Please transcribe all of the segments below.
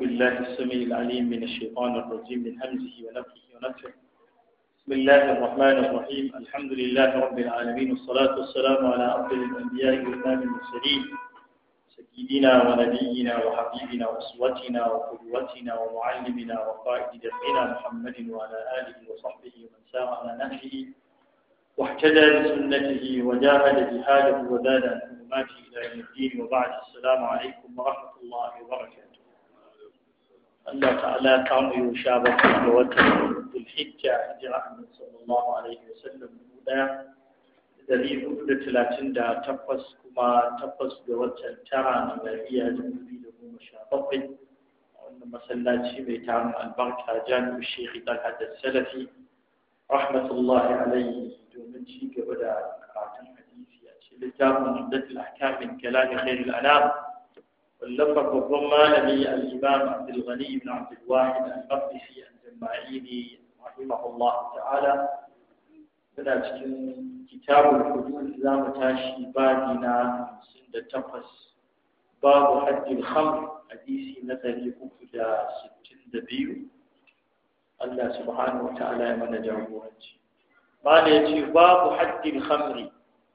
بالله السميع العليم من الشيطان الرجيم من همزه ونفخه ونفخه بسم الله الرحمن الرحيم الحمد لله رب العالمين والصلاة والسلام على أفضل الأنبياء وإمام المرسلين سيدنا ونبينا وحبيبنا وأسوتنا وقدوتنا ومعلمنا وقائد دفعنا محمد وعلى آله وصحبه ومن سار على نهجه واحتدى بسنته وجاهد جهاده وزاد عن إلى يوم الدين وبعد السلام عليكم ورحمة الله وبركاته Allah ta'ala ta mu yau sha bakwai ga watan Zulhijja hijira annabi sallallahu alaihi wasallam dubu ɗaya dari hudu da talatin da takwas kuma takwas ga watan tara na bariya dubu da goma sha bakwai a wannan masallaci mai tarin albarka jami'u shehi talhat salafi rahmatullahi alaihi domin ci gaba da karatun hadisi a cikin littafin da kalamin khairul anam wallafa babban malami al-imam Abdul Ghani ibn Abdul Wahid al-Maqdisi al-Jama'ili ta'ala muna cikin kitabul hudud za mu tashi babi na 58 babu haddin khamr hadisi na 362 Allah subhanahu wa ta'ala ya mana jagoranci bala ya ce babu haddin hamri,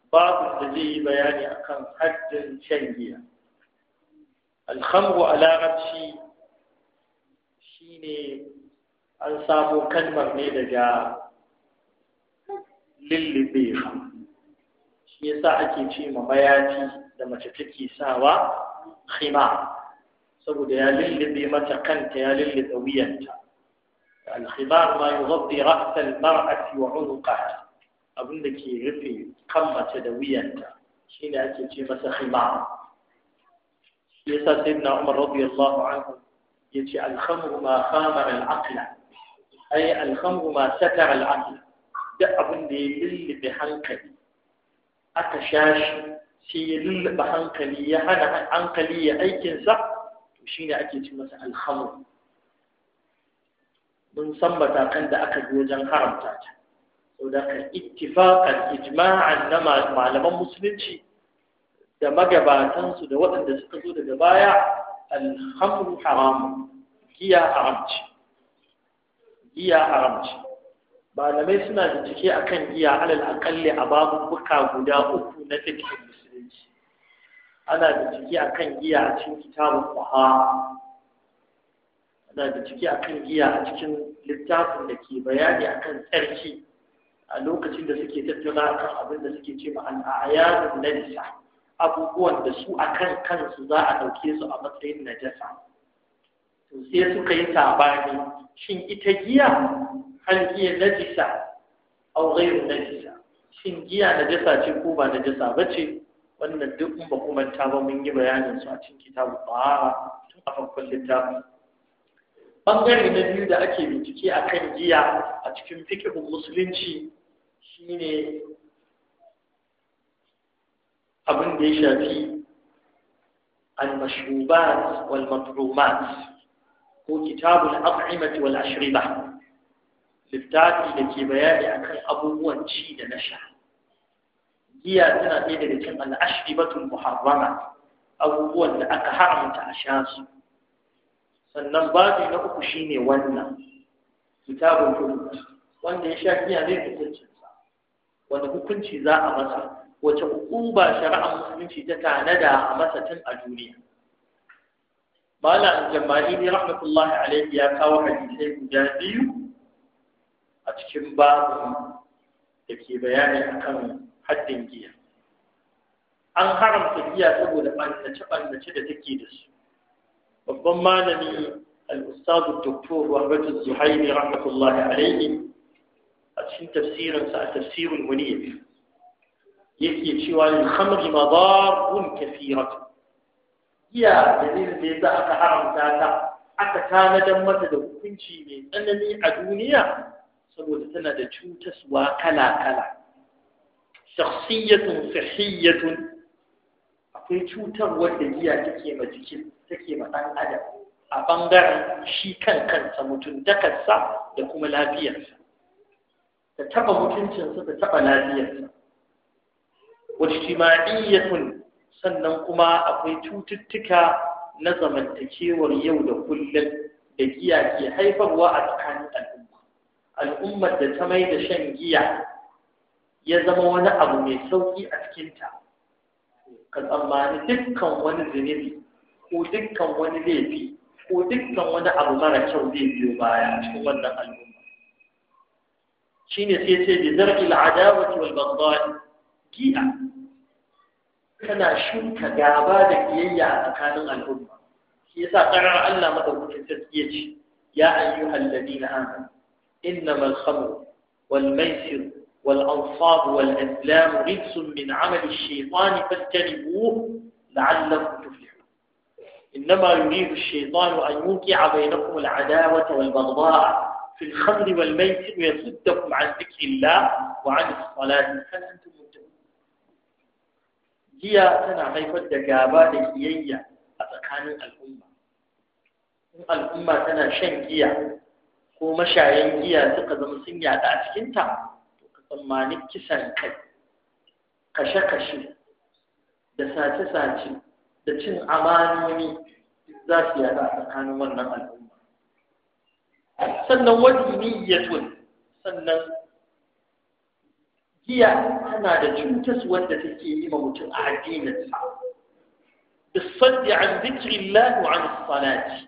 babu da zai yi bayani akan haddin shan giya الخمر على رمشي شيني أنصابو كلمر نيدا جا للي بيخم شيني ساعة كي في مبياتي لما تتكي ساوا خيما سبو دي للي بيما تقنت يا للي ذويانتا الخمار ما يغطي رأس المرأة وعنقها أبنك يغفي قمة دويانتا شيني أكي في مسخيما shi yasa sayyidina Umar radiyallahu anhu yace al-khamru ma khamara al-aql ay ma satara al-aql da abin ya lullube hankali aka shashi shi ya lullube hankali ya hana hankali ya aikin to shine ake ci masa al mun san matakan da aka bi wajen haramta ta saboda ka ittifaqan na malaman musulunci da magabatansu da waɗanda suka zo daga baya alhamdu haram giya haramci giya haramci malamai suna da a akan giya alal akalli a buka guda uku na fiqh musulunci ana da a akan giya a cikin kitabun kwaha ana da a akan giya a cikin littafin da ke bayani akan tsarki a lokacin da suke tattauna akan abin da suke ce ma al na najisa abubuwan da su a kan kansu za a ɗauke su a matsayin najasa to sai suka yi sabani shin ita giya hal giya najisa aw ghairu najisa shin giya najasa ce ko ba najasa ba ce wannan duk ba kuma ta ba mun yi bayanin su a cikin kitabu ba tun a farkon littafin bangare na biyu da ake bincike akan giya a cikin fikihun musulunci shine abin da ya shafi al-mashrubat wal matrumat ko kitabul at'imati wal ashriba littafi da ke bayani akan abubuwan ci da na sha giya tana ɗaya daga cikin al-ashribatul muharrama abubuwan da aka haramta a sha su sannan babi na uku shine wannan kitabul hudud wanda ya sha giya zai hukuncinsa wanda hukunci za a masa wace ba shari'ar musulunci ta tanada a masa a duniya malam jama'i ne rahmatullahi alaihi ya kawo hadisai guda biyu a cikin babu da ke bayani akan haddin giya an haramta giya saboda ɓannace-ɓannace da take da su babban malami الأستاذ الدكتور وهبة الزهيري رحمة الله عليه a تفسيرا تفسير المنير yake cewa yin khamri madarun kathiratu giya dalilin da yasa aka haramta ta aka tanadan mata da hukunci mai tsanani a duniya saboda tana da cutaswa kala-kala shakhsiyatun sahiyatun akwai cutar wadda giya take ma jikin take ma dan adam a bangaren shi kan kansa mutum dakarsa da kuma lafiyarsa ta taba mutuncinsa ta taba lafiyarsa wajtima'iyyatun sannan kuma akwai cututtuka na zamantakewar yau da kullum da giya ke haifarwa a tsakanin al'umma al'ummar da ta mai da shan giya ya zama wani abu mai sauki a cikinta ka tsammani dukkan wani zunubi ko dukkan wani laifi ko dukkan wani abu mara kyau zai biyo baya cikin wannan al'umma shine sai sai bi zarqil adawati wal baghdad giya kana shuka gaba da kiyayya a tsakanin al'umma shi yasa qarar Allah madaukakin sarki ce ya ayyuhal ladina amanu innama al khamru wal maisir wal ansab wal azlam rijsun min amali ash-shaytan fajtanibuhu la'allakum tuflihun innama yuridu ash-shaytanu an إنما يريد الشيطان أن يوقع بينكم العداوة والبغضاء في الخمر والميسر ويصدكم عن ذكر الله وعن الصلاة فلا أنتم giya tana haifar da gaba da kiyayya a tsakanin al'umma in al'umma tana shan giya ko mashayan giya suka zama sun yada a cikinta to ka tsammani kisan kai kashe-kashe da sace-sace da cin amanoni za su yada a tsakanin wannan al'umma sannan wani niyyatun sannan giya tana da cutas wanda take yi ma mutum a addininsa bisaddi an zikrillah wa an salati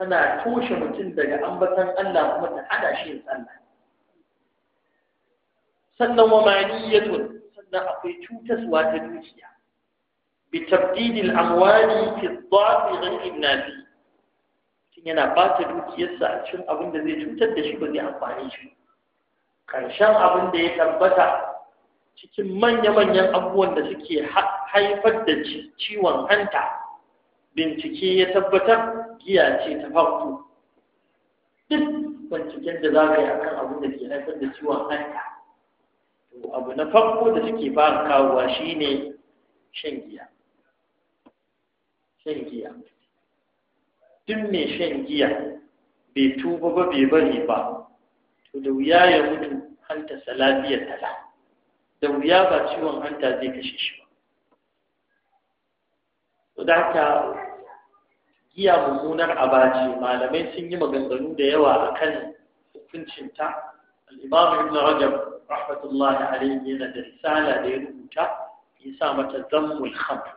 tana toshe mutum daga ambatan Allah kuma ta hada shi yin sallah sannan wa maniyatun sannan akwai cutaswa ta dukiya bi tabdidil amwali fi dhafi ghayr nafi yana bata dukiyarsa a cikin abin da zai cutar da shi ba zai amfani shi ƙarshen abin da ya tabbata cikin manya-manyan abubuwan da suke haifar da ciwon hanta bincike ya tabbatar giya ce ta farko duk binciken da za ka yi akan abin da ke haifar da ciwon hanta to abu na farko da suke fara kawowa shine shan giya shan giya duk mai shan giya bai tuba ba bai bari ba to da wuya ya mutu hanta salafiyar tala da wuya ba ciwon hanta zai kashe shi ba to da haka giya mummunar abaci malamai sun yi maganganu da yawa akan hukuncinta al ibn rajab rahmatullahi alayhi yana da risala da ya rubuta yasa mata zammul khamr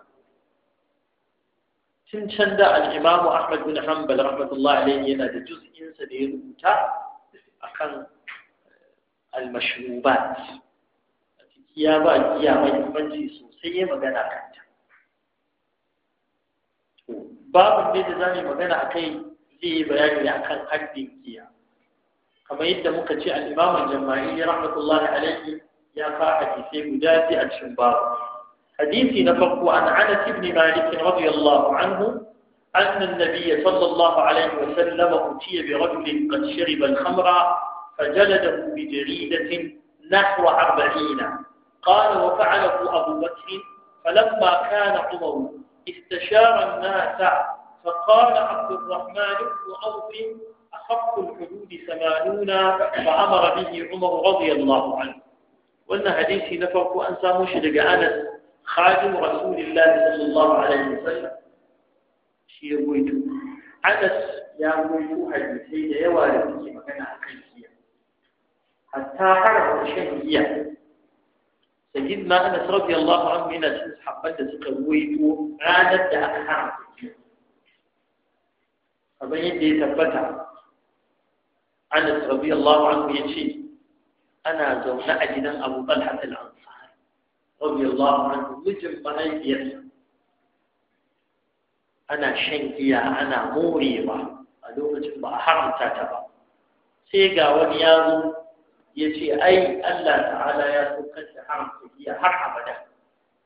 tun can da al'imamu ahmad bin hanbal rahmatullahi yana da juz'insa da ya rubuta akan eh, al-mashrubat ya ba giya mahimmanci sosai ya magana kanta babu ne da za mu magana a kai zai yi bayani a kan haddin giya kamar yadda muka ce al'imamun jama'i rahmatullahi alaihi ya fa hadisai guda biyu a cikin babu hadisi na farko an anas ibn malik radiyallahu anhu أن النبي صلى الله عليه وسلم أتي برجل قد شرب الخمر فجلده بجريدة نحو أربعين قال وفعله أبو بكر فلما كان عمر استشار الناس فقال عبد الرحمن بن عوف أخف الحدود ثمانون فأمر به عمر رضي الله عنه وأن حديثي نفرق أنسى مشرق أنس خادم رسول الله صلى الله عليه وسلم shi ya goyito anas ya goyito hadisai da yawa da suke magana a kan giya hatta haramta shan giya سيدنا أنس رضي الله عنه من أجل حبات سكويت عادت أكثر kamar yadda ya tabbata Anas radiyallahu anhu ya ce ana zaune a gidan Abu Talha al-Ansari radiyallahu anhu mijin mahaifiyarsa ana shan giya ana morewa a lokacin ba a haramta ta ba sai ga wani ya zo ya ce ai Allah ta'ala ya saukar da haramta giya har abada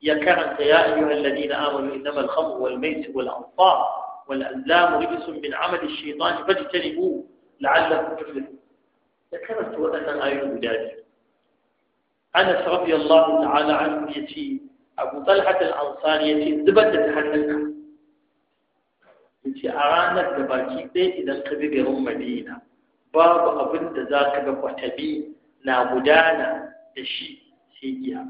ya karanta ya ayyuhal ladina amanu innamal khamru wal maisir wal ansab wal azlam rijsun min amali ash-shaytan fajtanibu la'allakum tuflihun ya karanta waɗannan ayoyi guda biyu Anas radiyallahu ta'ala anhu yace Abu Talha al-Ansari yace zubar da yace a ranar da baki ɗaya idan ka bi garin Madina babu abin da za ka ga kwatabi na gudana da shi sai giya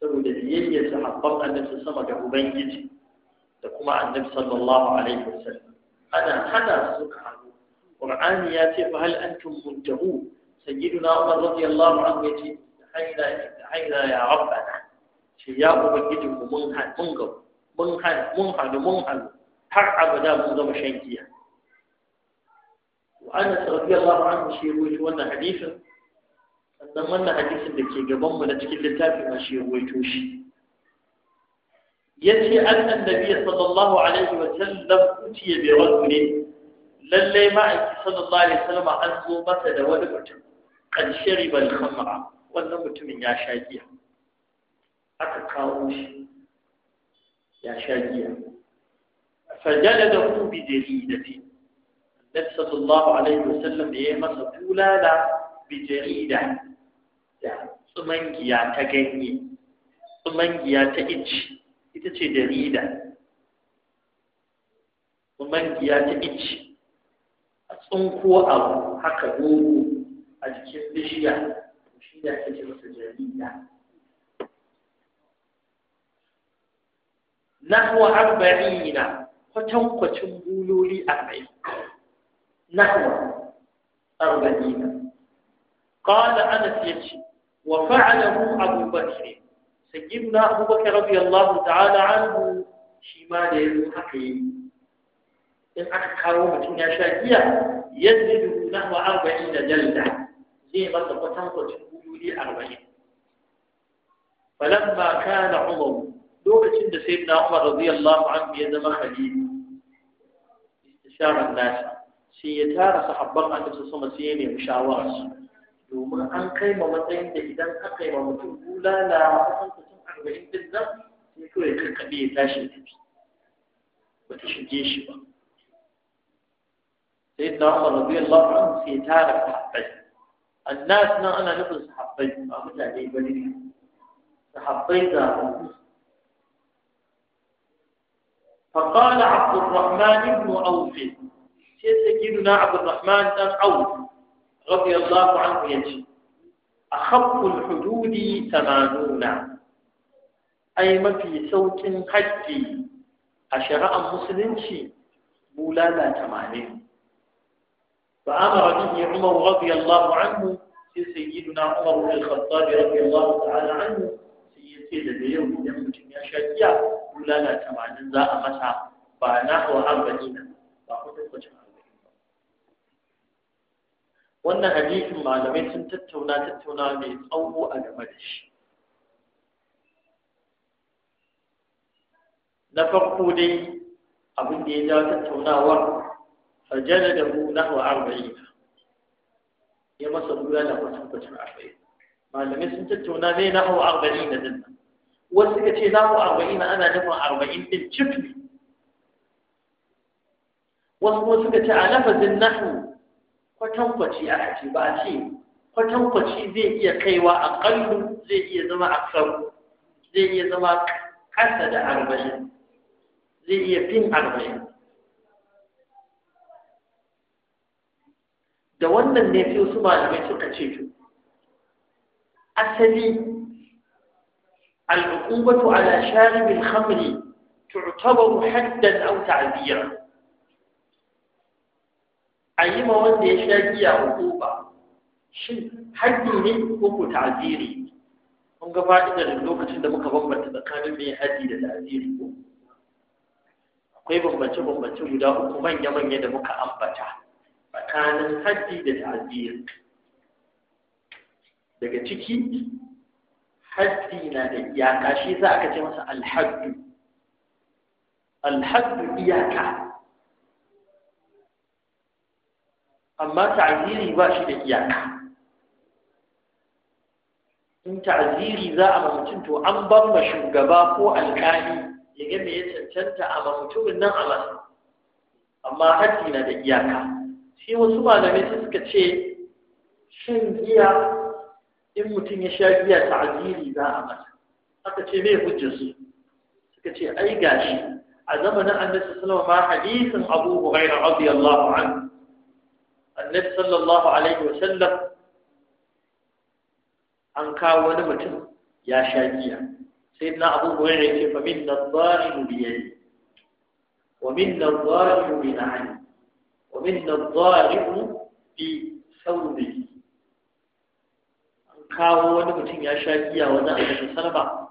saboda biyayya sahabban annabi sama ga ubangiji da kuma annabi sallallahu alaihi wasallam ana hana su ka hannu qur'ani ya ce fa hal antum muntahu sayyiduna umar radiyallahu anhu yace Da haina ya rabbana shi ya ubangiji mun mun ga mun hanu mun hanu har abada mun zama shan giya wa anas radiyallahu anhu shi ruwaito wannan hadisin sannan wannan hadisin da ke gaban mu na cikin littafi ma shi ruwaito shi yace annan nabiyyi sallallahu alaihi wa sallam utiya bi rajulin lallai ma'aiki sallallahu alaihi wasallam an zo masa da wani mutum kan shariba al-khamra wannan mutumin ya sha giya aka kawo shi ya sha giya فجلده بجريدة النبي صلى الله عليه وسلم يا مسا بولالا بجريدة tsumangiya ta ganye tsumangiya ta ici ita ce jarida tsumangiya ta ici a tsunko abu haka gogo a jikin bishiya shi da ake masa jarida kwacin buloli arba'in nahwa arba'ina qala anas yace wa fa'alahu abu bakr sayyidina abu bakr radiyallahu ta'ala anhu shi ma da yanzu haka yi in aka kawo mutum ya sha giya yadda nahwa arba'in da jalda zai masa kwacin buloli arba'in falamma kana umar lokacin da sai sayyidina umar radiyallahu anhu ya zama khalifa شارع الناس سيتارا صحبق أن تبسل صمى سيني مشاورس دوما أن قيمة مطين تهدان أقيمة متقولة لا أفضل تسمع الوحيد بالنظر يقول لك القبيل تاشي تبسل وتشجيش بها سيدنا عمر رضي الله عنه سيتارا صحبق الناس ما أنا نبسل صحبق ما أمتع لي بني صحبق ذا فقال عبد الرحمن بن عوف شيء سيدنا عبد الرحمن بن عوف رضي الله عنه يجي أخف الحدود ثمانون أي ما في سوق حجي أشراء مسلم شيء مولانا ثمانين فأمر به عمر رضي الله عنه سيدنا عمر بن الخطاب رضي الله تعالى عنه سيدنا اليوم يوم يا شجاع kula da tamanin za a masa ba na hawa arba'i nan ba kudin kucin arba'i ba. Wannan hadisin malamai sun tattauna tattauna mai tsawo a game da shi. Na farko dai abin da ya ja tattaunawa fajjada da mu na hawa arba'i na. Ya masa kula kulala kucin kucin arba'i. Malamai sun tattauna mai na hawa arba'i na dinnan. wasu suka ce za ku arba'in ana nufin arba'in ɗin cikin wasu kuma suka ce a lafazin nahu kwatankwaci aka ce ba a ce kwatankwaci zai iya kaiwa a ƙallu zai iya zama a sau zai iya zama ƙasa da arba'in zai iya fin arba'in da wannan ne sai su malamai suka ce to asali العقوبة على شارب الخمر تعتبر حدا أو تعذيرا أي ما وند يشاكي عقوبة حدي ne ko ko ta'ziri kun ga fa'idar lokacin da muka bambanta tsakanin mai haddi da ta'ziri ko akwai bambance bambance guda uku manya manya da muka ambata tsakanin haddi da ta'ziri daga ciki haddi na da iyaka shi za aka ce masa alhaddu alhaddu iyaka amma ta'ziri ba shi da iyaka in ta'ziri za a mutum to an ban ma shugaba ko alkali. ya ga me ya cancanta a ma mutumin nan a masa amma haddi na da iyaka sai wasu malamai suka ce shan giya in mutum ya sha biya ta ta'aziri za a mata, aka ce me hujjar su suka ce ai gashi a zamanin annabi sallallahu alaihi wasallam ma hadisin Abu Hurairah radiyallahu anhu annabi sallallahu alaihi wa sallam an kawo wani mutum ya sha biya, sai na abu hurairah yake fa min nadhalimu bi yadi wa min nadhalimu bi na'ani wa min nadhalimu bi sawbihi kawo wani mutum ya sha giya wani a kashe sarba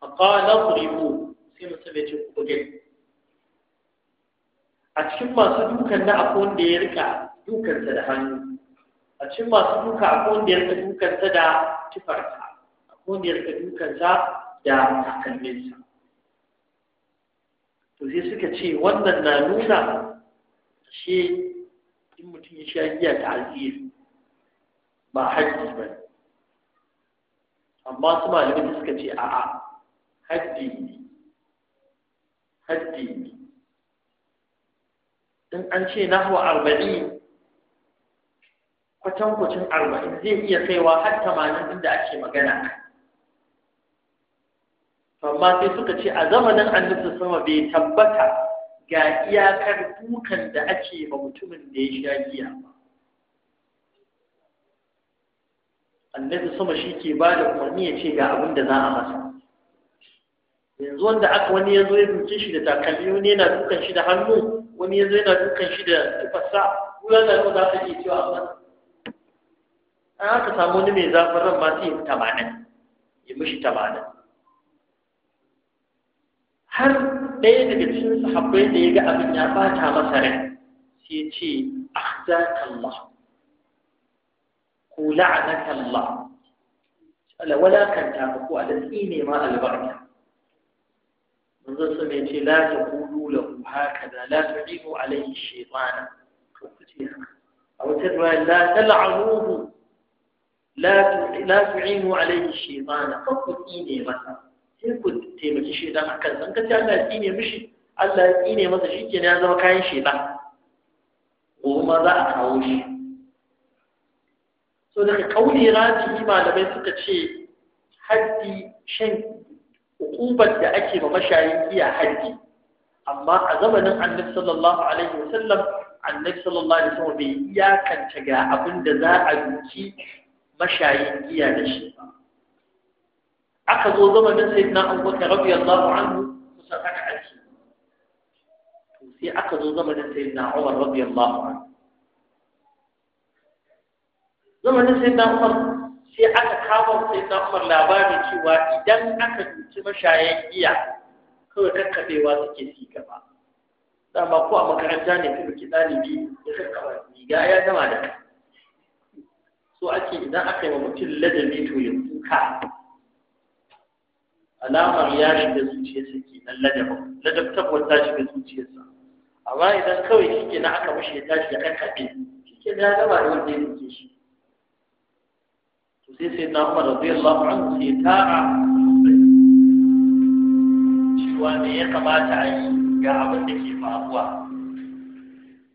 a ƙala ko sai mutum ya ce kuma gani a cikin masu dukan na akwai wanda ya rika dukansa da hannu a cikin masu duka akwai wanda ya rika dukansa da tufarsa akwai wanda ya rika dukansa da takalminsa to sai suka ce wannan na nuna shi in mutum ya sha giya ta azir ba haji ba ne amma su malamai suka ce a'a haddi ne haddi in an ce nahwa arba'in kwacin arba'in zai iya kaiwa har tamanin inda ake magana amma sai suka ce a zamanin annabi sama bai tabbata ga iyakar dukan da ake ma mutumin da ya sha giya ba annabi sama shi ke ba da umarni ya ce ga abin da za a masa yanzu wanda aka wani ya zo ya duke shi da takalmi wani yana dukan shi da hannu wani ya zo yana dukan shi da tufasa kula da yau za ka ke cewa amma an aka samu wani mai zafin ran ma sai ya tamanin ya mishi tamanin har ɗaya daga cikin sahabbai da ya ga abin ya bata masa rai sai ya ce akhzaka Allah ko la'anaka Allah ala walakanta ka ko ala tsine ma albarka manzo sun ya ce la taqulu lahu hakaza la tu'ibu alayhi shaytana ko kuce a wata riwaya la tal'anuhu la la tu'inu alayhi shaytana ko ku tsine masa sai ku taimaki shaytan akan san ka ce Allah mishi Allah tsine masa shikenan zama kayan shaytan gobe ma a kawo shi so daga kauli rajihi malamai suka ce haddi shan hukubar da ake ma mashayin iya haddi amma a zamanin annabi sallallahu alaihi wasallam annabi sallallahu alaihi wasallam bai iyakance ga abin da za a duki mashayin iya da shi ba aka zo zamanin sayyidina abubakar radiyallahu anhu kusan haka ake sai aka zo zamanin sayyidina umar radiyallahu anhu zamanin sai na umar sai aka kama sai na umar labarin cewa idan aka duci mashayan giya kawai kakkaɓewa suke ci gaba dama ko a makaranta ne kuma ki ɗalibi ya kakkaɓa riga ya gama da kai so ake idan aka yi wa mutum ladabi to ya kuka alamar ya shiga zuciyarsa ke nan ladabin ladabtarwar ta shiga zuciyarsa amma idan kawai shi ke na aka mashi ya tashi ya kakkaɓe shi ke ya gama da wanda ya shi to sai sai na umar radiyallahu anhu sai tara cewa me ya kamata a yi ga abin da ke faruwa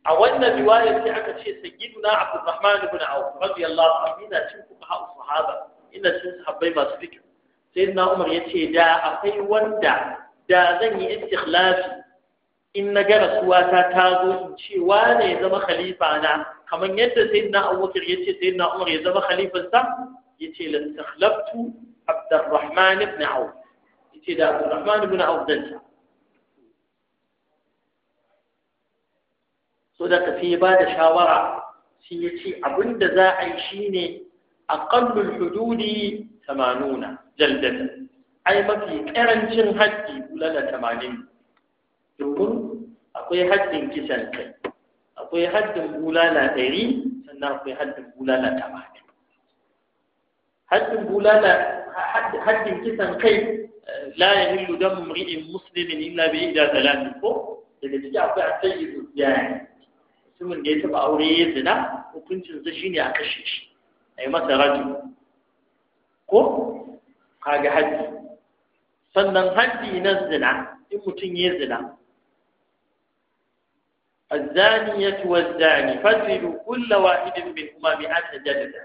a wannan riwaya sai aka ce sayyiduna abdurrahman ibn auf radiyallahu anhu ina cin kuma ha sahaba ina cin sahabbai masu fikir sayyidina umar yace da akwai wanda da zan yi istikhlafi in na ga rasuwata ta zo in ce wane ya zama khalifa na kamar yadda sai na abubakar ya ce sai umar ya zama khalifansa yace la takhlaftu Abdurrahman ibn Auf yace da Abdurrahman ibn Auf dan so da kafi ba da shawara shi yace abinda za a yi shine aqallul hududi 80 jaldatan ai mafi karancin haddi bulala 80 dukun akwai haddin kisan kai akwai haddin bulala 100 sannan akwai haddin bulala 80 haddin bulala haddin kisan kai eh, la yahillu damu mri'in muslimin illa bi ida talatin ko daga ciki akwai asayyidu yani mutumin da ya taba aure ya zina hukuncin sa shine a kashe shi A yi masa rajul ko kaga haddi sannan haddi na zina in mutum ya zina الزانية والزاني فاتلوا كل واحد منهما مئة جلدة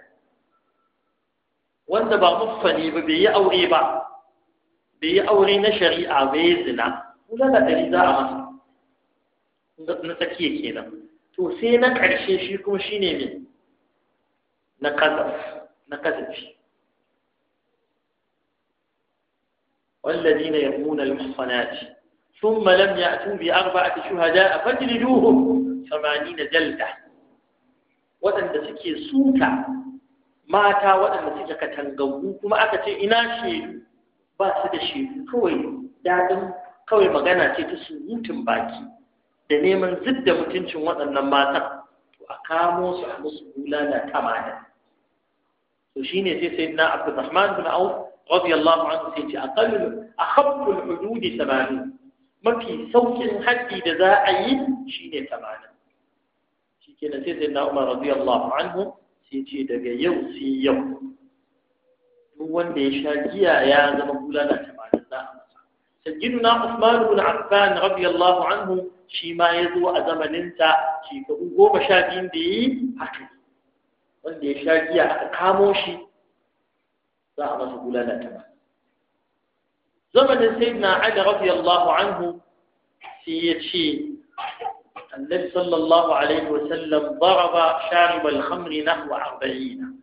wanda ba muffani ba bai yi aure ba bai yi aure na shari'a bai yi zina kulala ɗari za a masa na tsakiya kenan to sai na ƙarshe shi kuma shi ne mai na kazaf na kazafi والذين يرمون المحصنات ثم لم يأتوا بأربعة شهداء فاجلدوهم ثمانين جلدة waɗanda suke suka mata waɗanda suke katangangu kuma aka ce ina shedu ba su da shi. kawai daɗin kawai magana ce ta surutun baki da neman zidda mutuncin waɗannan matan to a kamo su a musu bulala tamanin to shine sai sai na abu abdurrahman bin auf radiyallahu anhu sai ce a aqallu akhaffu al-hudud 80 mafi saukin haɗi da za a yi shine 80 shikenan sai sai na umar radiyallahu anhu sai ce daga yau sai yau duk wanda ya sha giya ya zama bulala tamanin za a masa na sayyiduna Usman ibn Affan radiyallahu anhu shi ma ya zo a zamaninta shekaru goma sha biyun da yi haka wanda ya sha giya aka kamo shi za a masa ta tamanin zamanin sai sayyidina Ali radiyallahu anhu sai ya ce النبي صلى الله عليه وسلم ضرب شارب الخمر نحو أربعين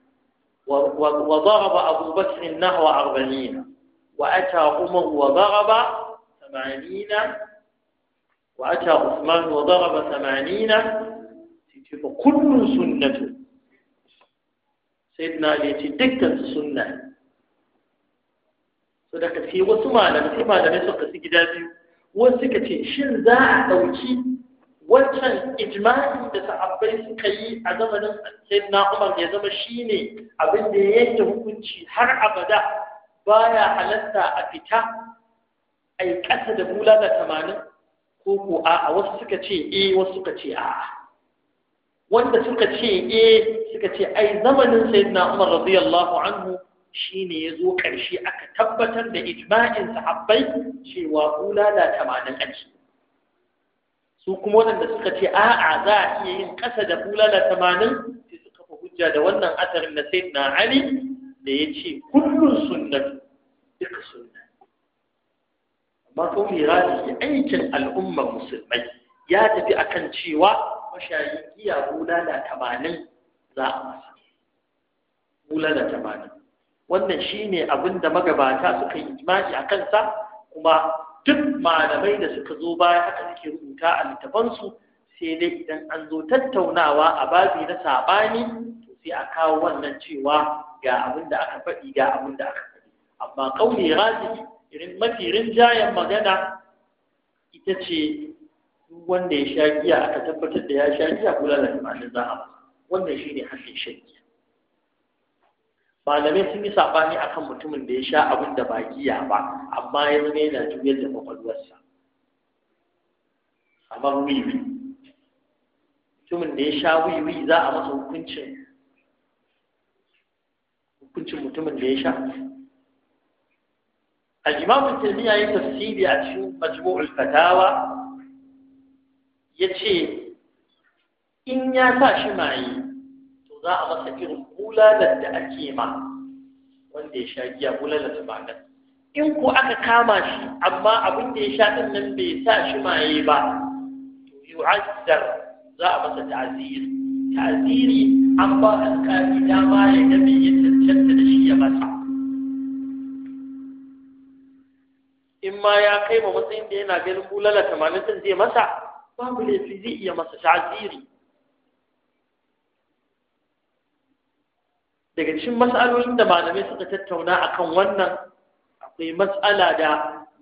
وضرب أبو بكر نحو أربعين وأتى عمر وضرب ثمانين وأتى عثمان وضرب ثمانين فكل سنة سيدنا علي تدكت السنة صدقت في وسمع لما سمع لما سقط سجدا وسكت شن ذا أوكي wancan ijma'i da sahabbai suka yi a zamanin sayyidina Umar ya zama shine abin da ya yanke hukunci har abada baya halatta a fita yi kasa da da tamanin ko ko a wasu suka ce eh wasu suka ce a wanda suka ce eh suka ce ai zamanin sayyidina Umar radiyallahu anhu shine ya zo ƙarshe aka tabbatar da ijma'in sahabbai cewa da tamanin ake su kuma waɗanda suka ce a'a za a iya yin ƙasa da bulala tamanin sai suka kafa hujja da wannan asarin na sai na ali da ya ce kullum sunnatu duka sunna amma ko ya aikin al'ummar musulmai ya tafi akan cewa mashayi giya bulala tamanin za a masa bulala tamanin wannan shine abin da magabata suka yi imani a kansa kuma duk malamai da suka zo baya aka suke rubuta a littafansu sai dai idan an zo tattaunawa a babi na saɓani to sai a kawo wannan cewa ga abin da aka faɗi ga abin da aka faɗi amma ƙauni rafi irin mafi rinjayen magana ita ce wanda ya sha giya aka tabbatar da ya sha giya ko lalata ma'anin za a wannan shine hannun shakki malamai sun yi sabani akan mutumin da ya sha abin da ba giya ba amma ya zama yana juyar da kwakwalwarsa kamar wiwi mutumin da ya sha wiwi za a masa hukuncin hukuncin mutumin da ya sha al-imam ya tafsiri a cikin majmu'ul fatawa ce in ya sa shi ma'ayi za a masa irin bulalar da ake ma wanda ya sha giya bulalar ta ba nan in ko aka kama shi amma abin da ya sha din nan bai sa shi maye ba to yu'azzar za a masa ta'zir ta'ziri an ba alƙali dama ya ga me ya da shi ya masa in ma ya kai ma matsayin da yana ganin bulalar tamanin zai masa babu laifi zai iya masa ta'ziri daga cikin mas'alolin da malamai suka tattauna akan wannan akwai mas'ala da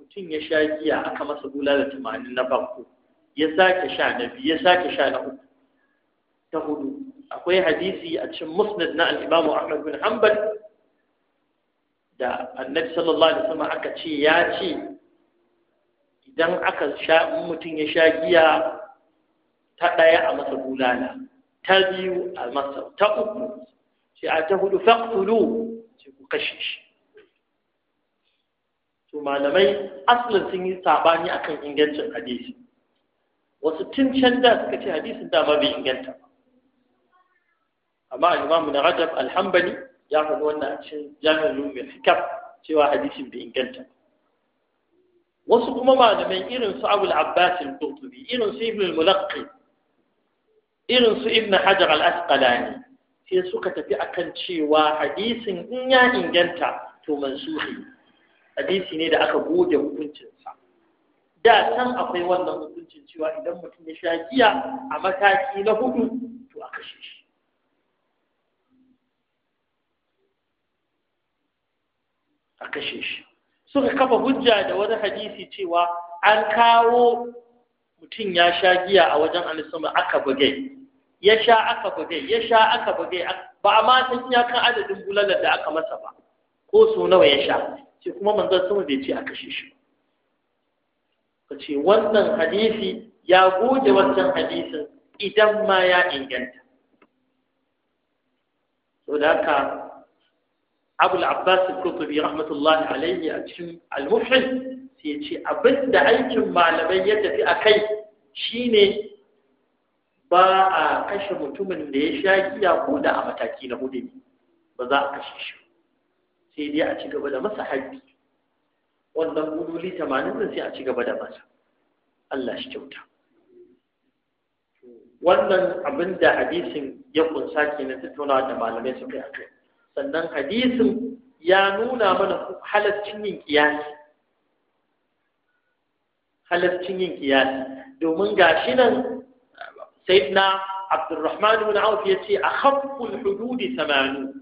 mutum ya sha giya aka masa gula da tumani na farko ya sake sha na biyu ya sake sha na uku ta hudu akwai hadisi a cikin musnad na al-Imam Ahmad bin Hanbal da Annabi sallallahu alaihi wasallam aka ce ya ce idan aka sha mutum ya sha giya ta daya a masa gulana, ta biyu a masa ta uku sai a ta hudu faqtulu sai ku kashe shi to malamai asalin sun yi sabani akan ingancin hadisi wasu tun can suka ce hadisin dama bai inganta ba amma imamu na rajab alhambali ya faɗi wannan a cikin jami'in mai cewa hadisin bai inganta wasu kuma malamai irin su abul abbas al irin su ibn irin su ibn hajar al sai suka tafi akan cewa hadisin in ya inganta to mansuhi hadisi ne da aka goge hukuncinsa da can akwai wannan hukuncin cewa idan mutum ya sha giya a mataki na hudu to a kashe shi a kashe shi suka kafa hujja da wani hadisi cewa an kawo mutum ya sha giya a wajen alisama aka bugai ya sha aka buge ya sha aka buge ba a ma san kan adadin bulalar da aka masa ba ko so nawa ya sha ce kuma manzon sama bai ce a kashe shi ka ce wannan hadisi ya goge wancan hadisin idan ma ya inganta so da haka abu al-abbas al-qutubi rahmatullahi alayhi a cikin al-mufhim sai ya ce abinda aikin malamai ya tafi akai shine ba a kashe mutumin da ya sha giya ko da a mataki na hudu ne ba za a kashe shi sai dai a ci gaba da masa haifi. wannan gudoli tamanin din sai a ci gaba da masa Allah shi kyauta wannan abin da hadisin ya kunsa kenan tattauna da malamai suka yi akai sannan hadisin ya nuna mana halaccin yin kiyasi halaccin yin kiyasi domin gashi nan sayyidina abdurrahman ibn auf yace akhafful hududi 80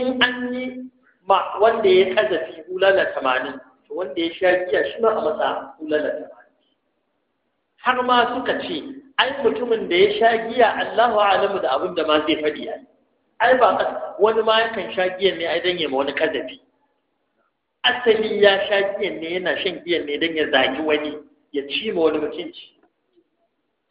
in an yi ma wanda ya kazafi ulala 80 to wanda ya sha giya shi ma a masa ulala 80 har ma suka ce ai mutumin da ya sha giya Allahu alamu da abin ma zai faɗi ai ai ba wani ma yakan sha giyan ne ai dan ya ma wani asali ya sha ne yana shan ne ya wani ya ci ma wani mutunci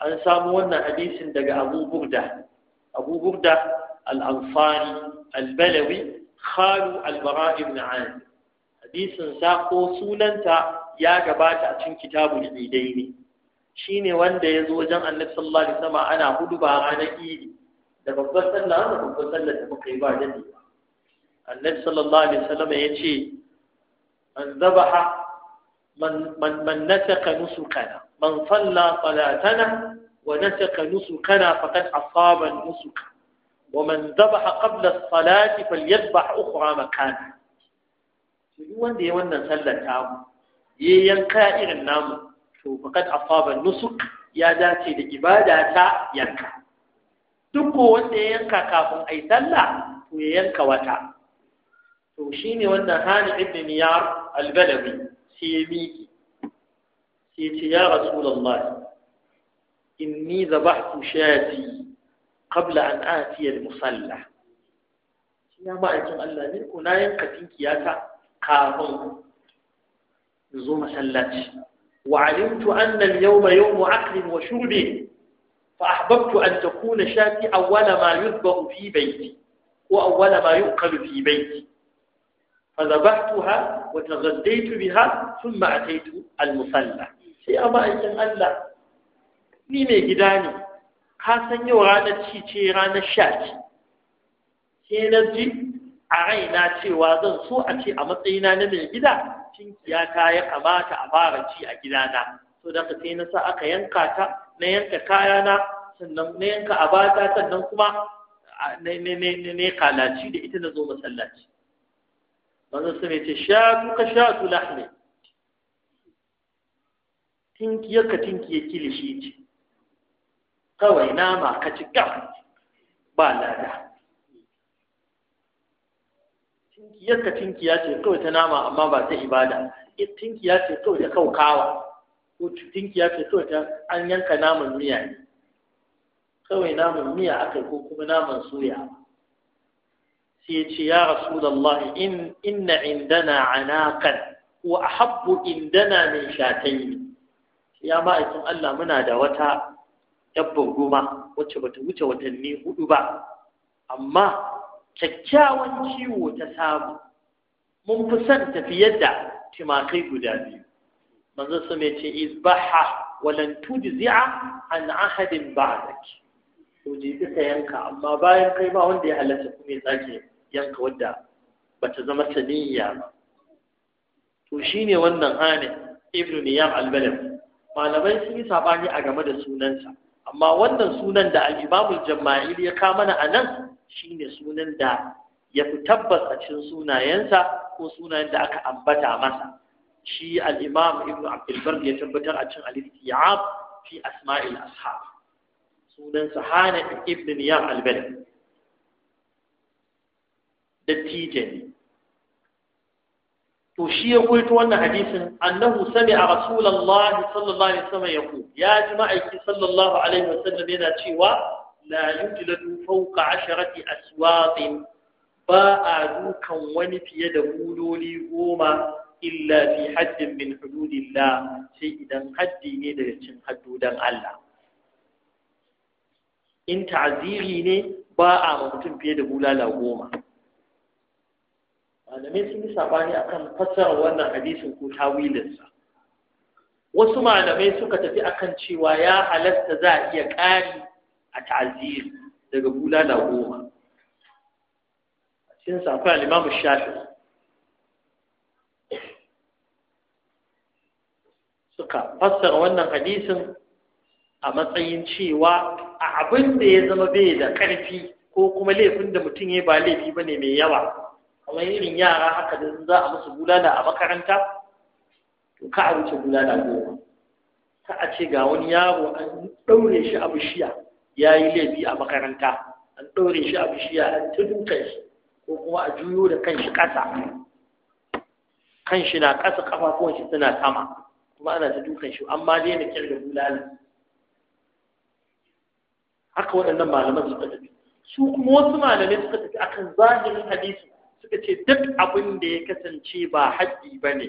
an samu wannan hadisin daga abu burda abu burda al-ansari al-balawi khalu al ibn an hadisin sa ko sunanta ya gabata a cikin kitabul Shi ne wanda ya zo wajen annabi sallallahu alaihi wasallam ana hudu ba na idi da babbar sallah da babbar sallah da muka yi ba dadi annabi sallallahu alaihi wasallam ya ce an zabaha man man nasaka nusukana man salla salatana wa nasaka nusukana faqad asaba nusuka wa man dhabaha qabla as-salati falyadhbah ukhra makana duk wanda ya wannan sallar ta ya yanka irin namu to faqad asaba nusuk ya dace da ibada ta yanka duk ko ya yanka kafin ai sallah to ya yanka wata to shine wannan hani ibn niyar al sai ya سيتي يا رسول الله إني ذبحت شاتي قبل أن آتي المصلى يا معجم الله نلقوا نايم قتين كياتا قارون نزوم سلاتي وعلمت أن اليوم يوم عقل وشرب فأحببت أن تكون شاتي أول ما يذبح في بيتي وأول ما يؤكل في بيتي فذبحتها وتغديت بها ثم أتيت المصلى sai a ma'aikin Allah ni mai gida ne ka san yau ranar ci ce ranar sha ce sai na ji a raina cewa zan so a ce a matsayina na mai gida cinkiya ta ya kamata a fara ci a gidana so da sai na sa aka yanka ta na yanka kayana sannan na yanka abata sannan kuma ne kalaci da ita na zo masallaci Wannan sai ce sha kuka sha tu ka tinkiyar kilishi ce kawai nama ka ci gam ba lada ka tinkiya ce kawai ta nama amma ba ta ibada tinkiya ce kawai ta kaukawa ko tinkiya ce kawai ta an yanka naman miya ne kawai naman miya aka ko kuma naman soya sai ce ya rasulullahi in inna indana anakan wa ahabbu indana min shatayi ya ma'aikin Allah muna da wata dabbar goma wacce bata wuce watanni hudu ba amma kyakkyawan ciwo ta samu mun fi son tafiyar da timakai guda biyu manzo su mai ce izbaha walan tujzi'a an ahadin ba'dak to je ka yanka amma bayan kai ba wanda ya halatta kuma ya sake yanka wadda bata zama saniya ba to shine wannan hanin ibnu niyam al-balam malamai sun yi sabani a game da sunansa amma wannan sunan da al'imamu jama'il ya kama na anan shine sunan da ya fi tabbas a cikin sunayensa ko sunayen da aka ambata masa shi alimam Ibn ibnu abdul ya tabbatar a cikin al-istiab fi asma'il ashab sunan sahana ibn niyar albani da dattijo to shi ya koyito wannan hadisin annahu a Rasulallah sallallahu alaihi wasallam yaqul ya ji ma'aiki sallallahu alaihi wasallam yana cewa la yujladu fawqa asharati aswaqin ba a dukan wani fiye da buloli goma illa fi haddin min hududillah sai idan haddi ne daga cin haddudan Allah in ta'ziri ne ba a mutum fiye da bulala goma malamai sun yi sabani akan fassara wannan hadisin ko tawilinsa wasu malamai suka tafi akan cewa ya halasta za a iya ƙari a ta'azir daga bulala goma a cikin safar shafi suka fassara wannan hadisin a matsayin cewa a abin da ya zama bai da ƙarfi ko kuma laifin da mutum ya ba laifi ba ne mai yawa kamar irin yara haka da za a musu bulala a makaranta to ka a wuce bulala goma ka a ce ga wani yaro an ɗaure shi a bishiya ya yi laifi a makaranta an ɗaure shi a bishiya an ta shi ko kuma a juyo da kan shi ƙasa kan shi na ƙasa ƙafafuwan shi suna sama kuma ana ta dukan shi amma dai na kyar da bulala haka waɗannan malaman suka tafi su kuma wasu malamai suka tafi akan zahirin hadisi suka ce duk abin da ya kasance ba haddi ba ne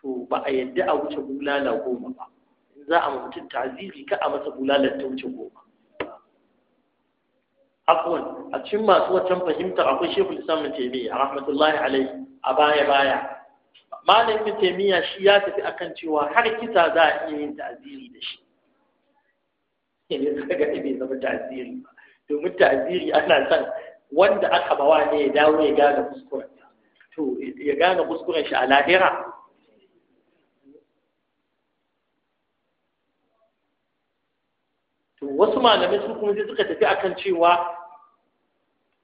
to ba a yadda a wuce bulala goma ba za a mutum ta'ziri ka a masa bulalar ta wuce goma afwan a cikin masu wancan fahimtar akwai shekul islam ibn taymiya rahmatullahi alaihi a baya baya malam ibn taymiya shi ya tafi akan cewa har kita za a iya yin ta'ziri da shi ne kaga ibe zama ta'ziri ba domin ta'ziri ana san wanda aka bawa ne ya dawo ya gane kuskuren to ya gane kuskuren shi a lahira to wasu malamai su kuma sai suka tafi akan cewa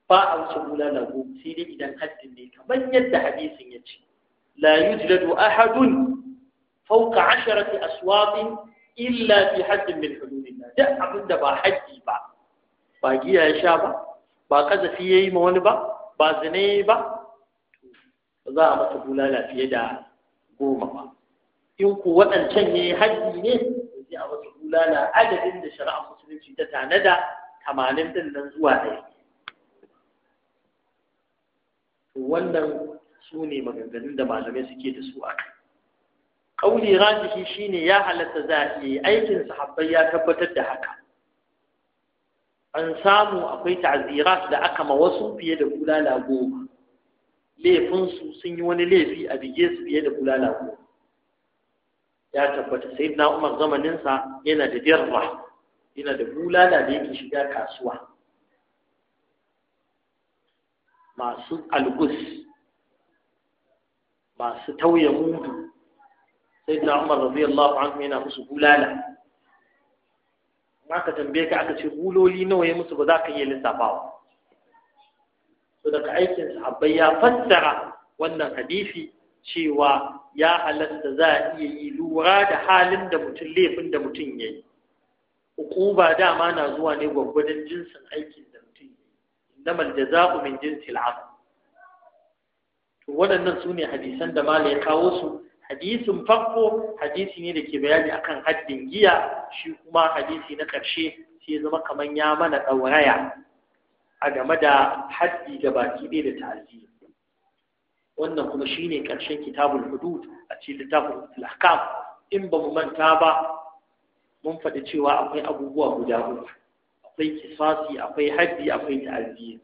ba a wuce bulala goma sai dai idan haddin ne kamar yadda hadisin ya ce la yujladu ahadun fawqa asharati aswaqin illa fi haddin min hududillah duk abin ba haddi ba ba giya ya sha ba ba kazafi ya yi ma wani ba ba zane ba za a masa bulala fiye da goma ba in ku waɗancan ya yi haji ne zai a masa bulala adadin da shari'a musulunci ta tanada tamanin din nan zuwa ɗaya wannan su ne maganganun da malamai suke da su a kai ƙauli rajihi shine ya halatta za a yi aikin sahabbai ya tabbatar da haka an samu akwai ta'zirat da aka ma wasu fiye da bulala goma laifinsu sun yi wani laifi a bige su fiye da bulala goma ya tabbata sai na umar zamaninsa yana da dirra yana da bulala da yake shiga kasuwa masu algus masu tauye mudu sai na umar radiyallahu anhu yana musu bulala ka tambaye ka aka ce buloli nawa ya musu ba za ka iya lissafawa to daga aikin sahabbai ya fassara wannan hadisi cewa ya halatta za a iya yi lura da halin da mutum laifin da mutum ya yi hukuma dama na zuwa ne gwaggwadon jinsin aikin da mutum ya yi za ku min jinsi amal to waɗannan su ne hadisan da mala ya kawo su hadisin farko hadisi ne da ke bayani akan haddin giya shi kuma hadisi na ƙarshe sai zama kamar ya mana ɗauraya a game da haddi da baki ɗaya da ta'aziyya wannan kuma shi ne ƙarshen kitabul hudud a cikin littafin lahkam in ba mu manta ba mun faɗi cewa akwai abubuwa guda uku akwai kisasi akwai haddi akwai ta'aziyya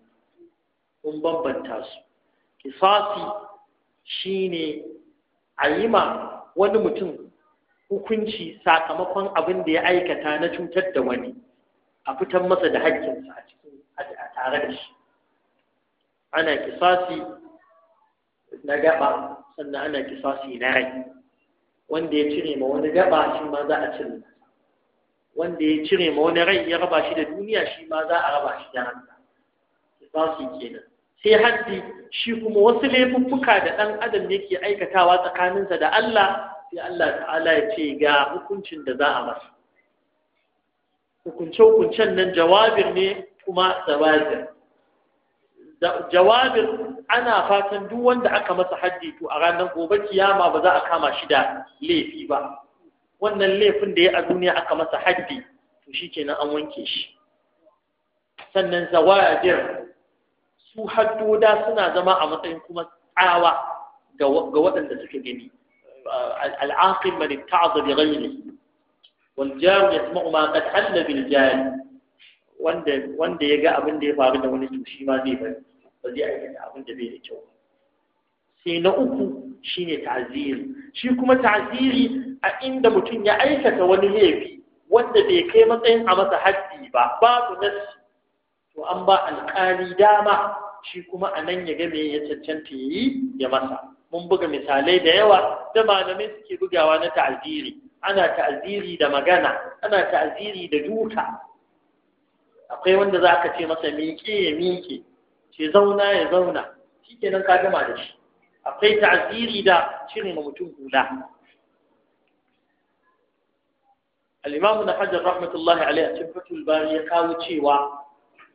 mun bambanta su kisasi shine a yi ma wani mutum hukunci sakamakon abin da ya aikata na cutar da wani a fitar masa da haƙƙinsa a cikin a tare da shi ana kisasi na gaba sannan ana kisasi na rai wanda ya cire ma wani gaba shi ma za a cire wanda ya cire ma wani rai ya raba shi da duniya shi ma za a raba shi da hannu kisasi kenan sai haddi shi kuma wasu laifuffuka da ɗan adam yake aikatawa tsakaninsa da Allah sai Allah ta'ala ya ce ga hukuncin da za a masa hukunce-hukuncen nan jawabin ne kuma zabazin jawabin ana fatan duk wanda aka masa haddi to a ranar gobe kiyama ba za a kama shi da laifi ba wannan laifin da ya a duniya aka masa haddi to shi kenan an wanke shi sannan zawajir su haddoda suna zama a matsayin kuma tsawa ga waɗanda suka gani al'aqil man ta'adha bi ghayrihi wal jami yasma'u ma qad halla bil jari wanda wanda ya ga abin da ya faru da wani to ma zai bari ba zai aikata abin da bai da kyau sai na uku shine ta'ziri shi kuma ta'ziri a inda mutum ya aikata wani laifi wanda bai kai matsayin a masa haddi ba babu nasi to an ba alƙali dama shi kuma a nan ya ga me ya cancanta yi ya masa mun buga misalai da yawa da malamai suke bugawa na ta'aziri ana ta'aziri da magana ana ta'aziri da duka akwai wanda za ka ce masa miƙe ya miƙe ce zauna ya zauna shi kenan ka gama da shi akwai ta'aziri da cire ma mutum hula الإمام ابن حجر رحمة الله عليه أتفة ya kawo cewa.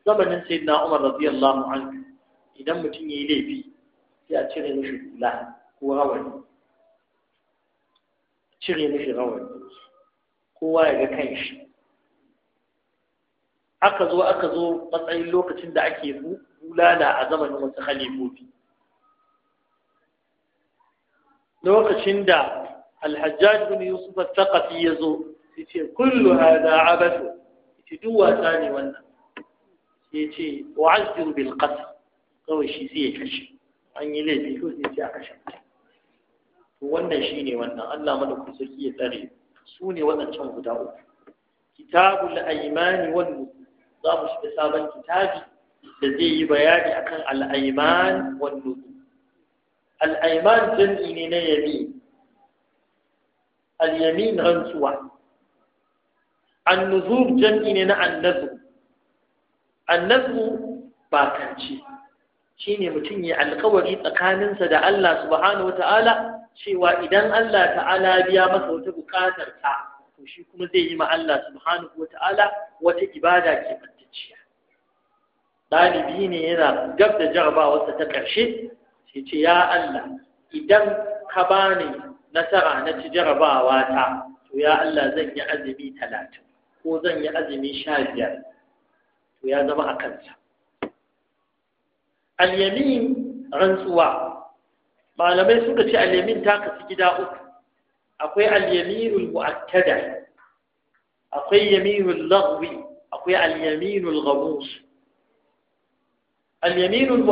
zamanin sayyidina Umar radiyallahu anhu idan mutum yayi laifi sai a cire mishi hula ko rawani cire mishi rawani kowa ya ga kanshi aka zo aka zo matsayin lokacin da ake bulala a zamanin wasu khalifofi lokacin da alhajjaj bin yusuf al-thaqafi ya zo ya ce kullu hada abathu ya Yace ce wa azir bil qasr kawai shi zai kashe an yi laifi ko zai ce a kashe to wannan shine wannan Allah madaukakin sarki ya tsare su ne waɗancan guda uku kitabul aymani wal za mu shiga sabon kitabi da zai yi bayani akan al-ayman wal nuzu al-ayman jam'i ne na yamin al-yamin rantsuwa an-nuzur jam'i ne na an annazu ba kance shine mutum ya alkawari tsakaninsa da Allah subhanahu wataala cewa idan Allah ta'ala biya masa wata bukatar ta to shi kuma zai yi ma Allah subhanahu wataala wata ibada ke fantacciya dalibi ne yana gab da jarabawarsa ta ƙarshe sai ce ya Allah idan ka bani nasara na ci jarabawa ta to ya Allah zan yi azumi talatin ko zan yi azumi sha biyar to ya zama a kansa al-yamin rantsuwa malamai suka ce al-yamin ta kasu gida uku akwai al-yaminul akwai yaminul laghwi akwai al ghamus al-yaminul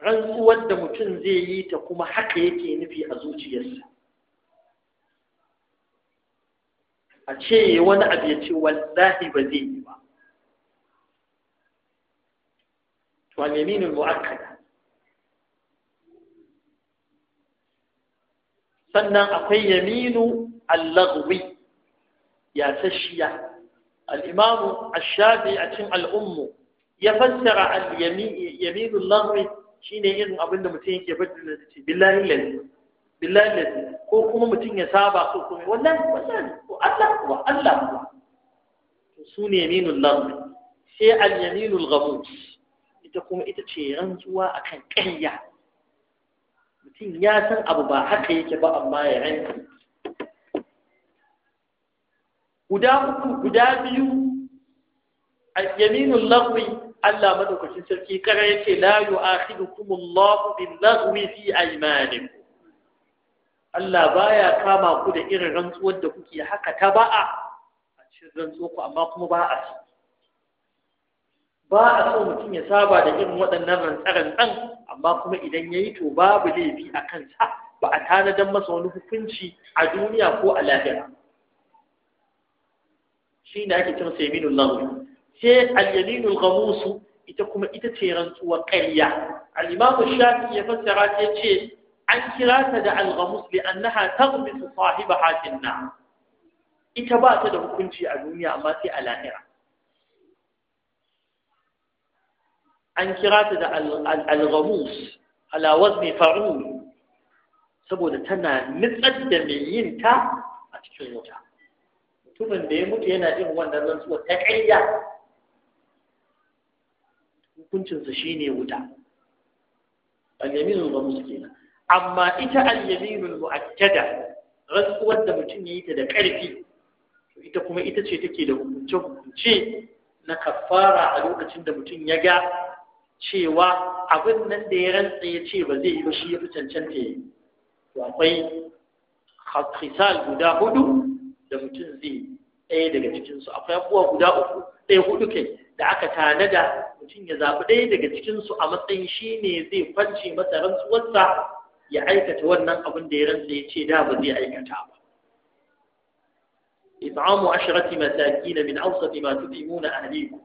rantsuwar da mutum zai yi ta kuma haka yake nufi a zuciyarsa a ce wani abu ya ce wallahi ba zai yi ba واليمين المؤكدة sannan akwai yaminu allagwi ya tashiya al'imamu ashabi a cin al'ummu ya fassara al-yaminu allagwi shine irin abin da mutum yake baddala da ce billahi billahi ko kuma mutum ya saba ko kuma wannan, wannan. ko Allah kuwa Allah kuwa su ne yaminu sai al-yaminu al ita kuma ita ce rantsuwa a kan ƙarya mutum ya san abu ba haka yake ba amma ya rantsu guda uku guda biyu a yaminin lagwi Allah madaukakin sarki kara yake la yu'akhidukum Allah bil lagwi fi aymanikum Allah baya kama ku da irin rantsuwar da kuke haka ta ba'a a cikin rantsuwa amma kuma ba a ba a so mutum ya saba da irin waɗannan rantsarantsan amma kuma idan ya yi to babu laifi a kansa ba a tanadan masa wani hukunci a duniya ko a lahira shi ne ake cin saminul lahu sai al gamusu ita kuma ita ce rantsuwar ƙarya alimamu shafi ya fassara ta ce an kira ta da al bi annaha taghmisu sahibaha fi ita ba ta da hukunci a duniya amma sai a lahira an kira ta da al-ghamus ala wazni fa'ul saboda tana nitsar da mai yin ta a cikin wuta mutumin da ya mutu yana jin wannan rantsuwa ta ƙarya hukuncinsa shine wuta al-yaminul ghamus kenan amma ita al-yaminul mu'akkada rantsuwar da mutum ya yi ta da ƙarfi ita kuma ita ce take da hukunce-hukunce na kafara a lokacin da mutum ya ga cewa abin nan da ya rantsa ya ce ba zai yi ba shi ya fi cancanta yi to akwai hakisal guda hudu da mutum zai ɗaya daga cikinsu akwai abubuwa guda uku ɗaya hudu kai da aka tanada mutum ya zaɓi ɗaya daga cikinsu a matsayin shi ne zai kwance masa rantsuwarsa ya aikata wannan abin da ya rantsa ya ce da ba zai aikata ba إطعام عشرة مساكين من أوسط ما تطعمون أهليكم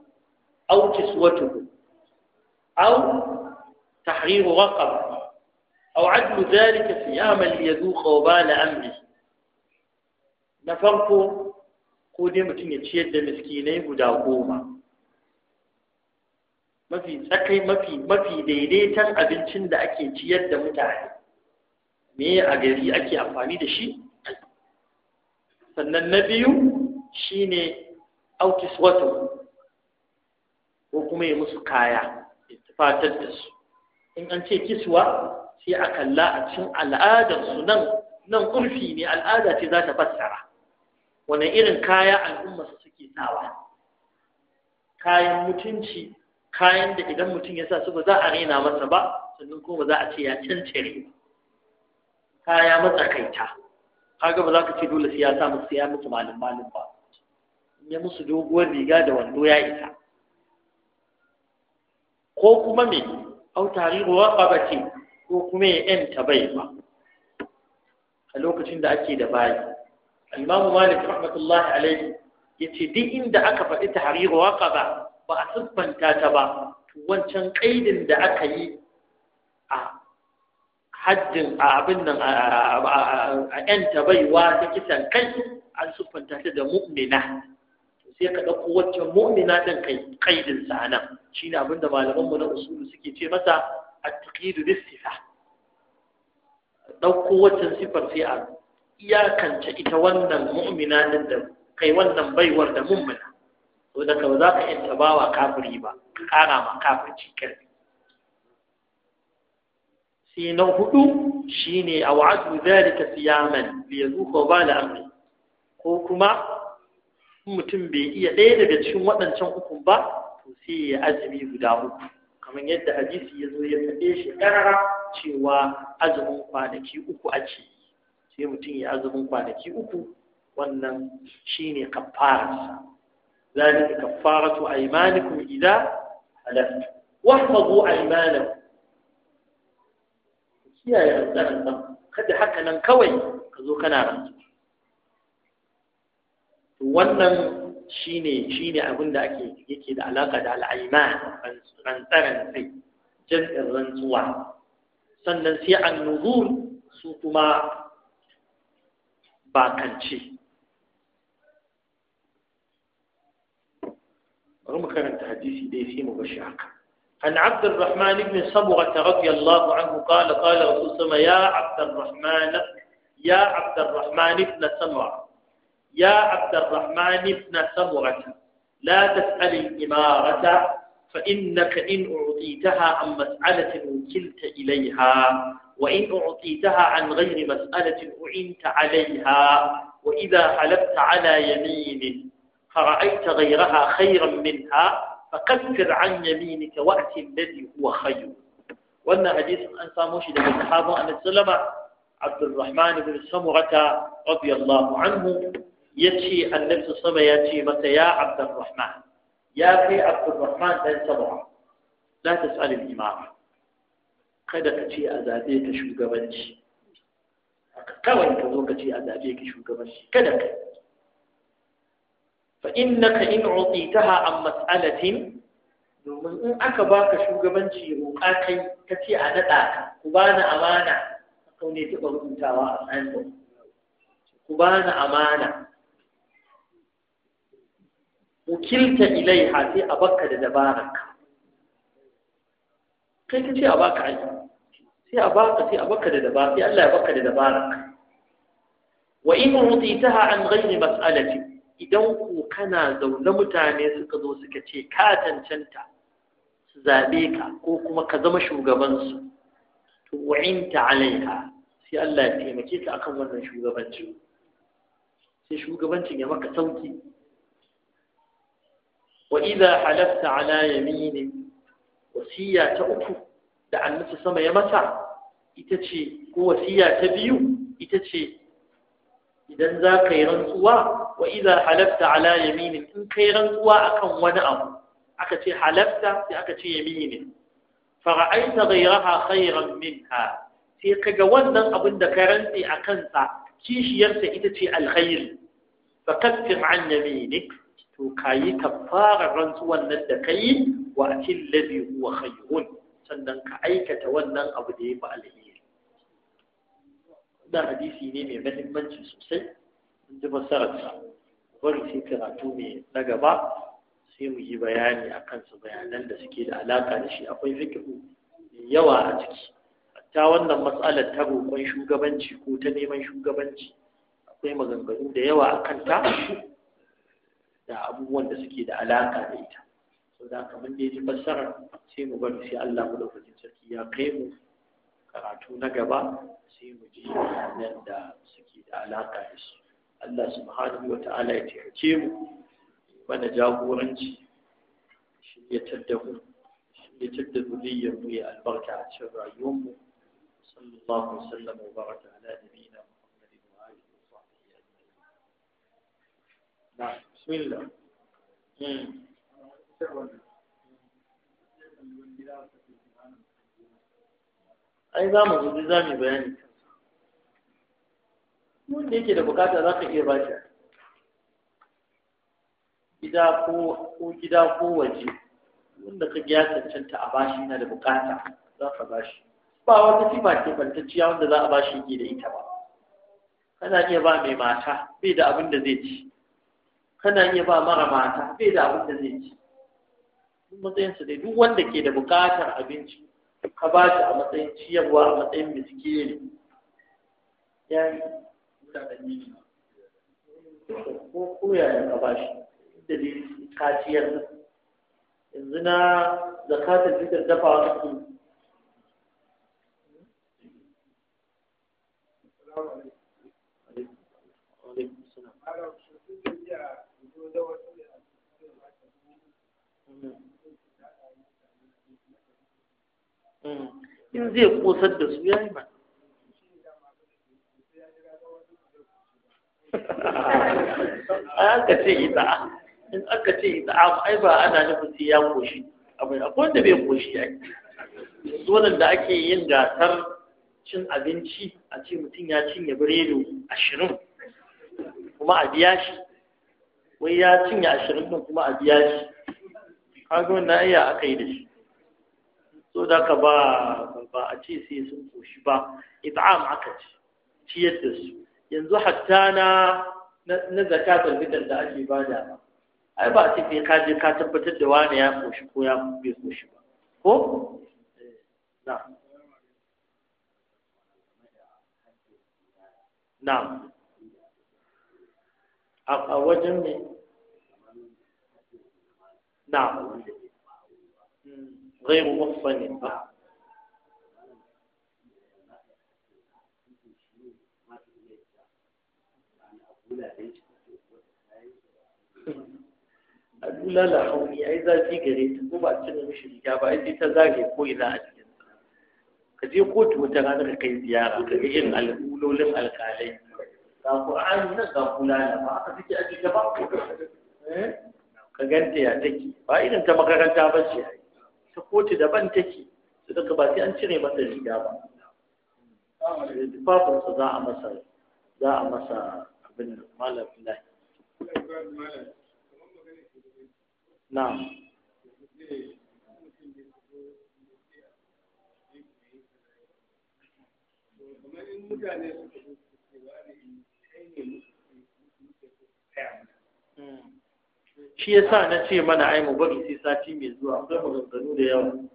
أو كسوتكم أو تحرير رقبة أو عدل ذلك صياما ليذوق وبال أمره نفرق قولي متن يتشيد مسكيني قدا قوما mafi tsakai mafi mafi daidaitan abincin da ake ciyar da mutane me a gari ake amfani da shi sannan na biyu shine aukis wato ko kuma ya musu kaya fatar da su in an ce kiswa sai a kalla a cikin al'adarsu nan nan ƙurfi ne al'ada ce za ta fassara Wani irin kaya su suke sawa kayan mutunci kayan da idan mutum ya sa su ba za a rena masa ba sannan kuma za a ce ya cancare kaya matsakaita kaga ba za ka ce dole sai ya sa musu ya mutu malin malin ba in ya musu doguwar riga da wando ya isa ko kuma me au tarihu raqabati ko kuma ya yanta baiwa a lokacin da ake da bayi al-imamu malik rahmatullahi alaihi yace duk inda aka faɗi tahriru raqaba ba a siffanta ta ba wancan kaidin da aka yi a haddin a abin nan a yanta baiwa ta kisan kai an siffanta ta da mu'mina sai ka ɗauko waccan mu'mina ɗin kai kaidin sa nan shine ne abinda malaman mu na usulu suke ce masa at-taqidu bis-sifa ɗauko waccan sifar sai a iyakance ita wannan mu'mina ɗin da kai wannan baiwar da mummuna to da ka za ka yanta wa kafiri ba ka ƙara ma kafirci karfi sai na hudu shine awadu zalika siyaman li yazuqa bala amri ko kuma mutum bai iya ɗaya daga cikin waɗancan ukun ba to sai ya azumi guda uku kamar yadda hadisi ya zo ya faɗe shi ƙarara cewa azumin kwanaki uku a ce. sai mutum ya azumin kwanaki uku wannan shi shine kafararsa ذلك كفارة أيمانكم إذا a واحفظوا أيمانكم kiyaye rantsarantsar kada haka nan kawai ka zo kana rantsu wannan shine shine abin da ake yake da alaka da al'aiman rantsaran sai jam'in rantsuwa sannan sai an nuzul su kuma bakance bari mu karanta hadisi dai sai عن عبد الرحمن بن صبغة رضي الله عنه قال قال رسول الله يا عبد الرحمن يا عبد الرحمن بن صبغة يا عبد الرحمن ابن سمرة لا تسأل الإمارة فإنك إن أعطيتها عن مسألة وكلت إليها وإن أعطيتها عن غير مسألة أعنت عليها وإذا حلبت على يمين فرأيت غيرها خيرا منها فكفر عن يمينك وأت الذي هو خير وأن حديث أنسى مشهد من الصحابة أن السلمة عبد الرحمن بن سمرة رضي الله عنه ya ce annabi sama ya ce masa ya abdurrahman ya kai abdurrahman dan sabawa la tas'alil imam kada ka ce a zabe ka shugabanci kawai ka zo ka ce a zabe ka shugabanci kada ka fa innaka in utitaha an mas'alatin domin in aka baka shugabanci roƙa kai ka ce a naɗa ka ku bani amana kau ne taɓa rubutawa a tsayin ku bani amana wukilta ilaiha sai a baka da dabararka kai ka ce a baka aiki sai a baka sai a baka da dabara sai Allah ya baka da dabararka wa in rutitaha an ghairi mas'alati idan ku kana zaune mutane suka zo suka ce ka cancanta su zabe ka ko kuma ka zama shugaban su, to wa'inta alaiha sai Allah ya taimake ka akan wannan shugabancin, sai shugabancin ya maka sauki wa idza ala yamini wasiya ta uku da annabi sama ya masa ita ce ko wasiya ta biyu ita ce idan za ka yi rantsuwa wa idza halafta ala yaminin in kai rantsuwa akan wani abu aka ce halafta sai aka ce yaminin fara'aita ghayraha min ha, sai kaga wannan abin da ka rantsi a kansa kishiyarsa ita ce alkhair fa kaffir an yaminik to kayi kafarar rantsuwan nan da kai wa atil ladhi huwa khayrun sannan ka aikata wannan abu da yafi alheri da hadisi ne mai mahimmanci sosai in ji sa. bari sai karatu mai na gaba sai mu yi bayani a su bayanan da suke da alaka da shi akwai fikihu yawa a ciki ta wannan matsalar ta roƙon shugabanci ko ta neman shugabanci akwai maganganu da yawa akan ta da abubuwan da suke da alaka da ita sau da kamar da ya ji fassara sai mu bari sai Allah mu lokacin sarki ya kai mu karatu na gaba sai mu ji nan da suke da alaka da su Allah subhanahu wa ta'ala ya taimake mu mana jagoranci shiryatar da mu shiryatar da zuriyar mu ya albarka a cikin rayuwar mu sallallahu alaihi wasallam wa baraka ala nabiyina muhammadin wa alihi wa sahbihi ajma'in na'am Hmm. ai za mu zuzi za mu bayani wanda yake da bukata za ka iya ba shi gida ko gida ko waje wanda ka ya cancanta a bashi na da bukata za ka shi ba wata sifa ce bantacciya wanda za a bashi yake da ita ba kana iya ba mai mata bai da abin da zai ci kana iya ba mara mata bai da abin da zai ci duk matsayinsa dai duk wanda ke da bukatar abinci ka ba shi a matsayin ciyarwa a matsayin miskini ya yi ko koya ka ba shi da dai ka ciyar yanzu na zakatar fitar dafa wasu in zai kosar da su ya yi ba aka ce ita in aka ce ita ai ba ana nufin sai ya koshi abin akwai wanda bai koshi ya yi yanzu da ake yin gasar cin abinci a ce mutum ya cinye biredo ashirin kuma a biya shi wai ya cinye ashirin kuma a biya shi kaga wannan iya aka yi da shi so da ka ba ba a ce sai sun koshi ba it'am aka ci ciyar da su yanzu hatta na na zakatul fitr da ake bada ai ba a ce sai ka je ka tabbatar da wani ya koshi ko ya bai koshi ba ko Na, eh, na, a wajen ne na. غير محصن ba a dula da hauni ai zafi gare ta ko ba a cire mishi riga ba ai sai ta zage ko ina a cikin ka je kotu wata ranar ka yi ziyara ka ga irin al'ulolin alkalai ga qur'ani nan ga ba aka ka ganta ya take ba ta makaranta ba ta kotu daban take su daga ba an cire masa riga ba tufafinsa za a masa za abin malam shi ya sa na ce mana ai mu bari sai sati mai zuwa akwai maganganu da yawa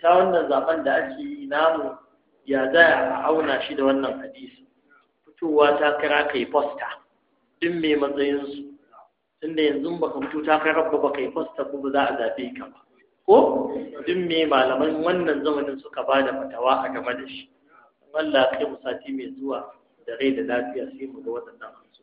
ta wannan zaben da ake yi namu ya za a auna shi da wannan hadisi fitowa takara kai fosta din mai matsayinsu tunda yanzu baka fito takarar ba baka yi fosta ba za a zabe ka ba ko din mai malaman wannan zamanin suka ba da fatawa a game da shi Allah kai mu sati mai zuwa da rai da lafiya sai mu ga waɗannan hansu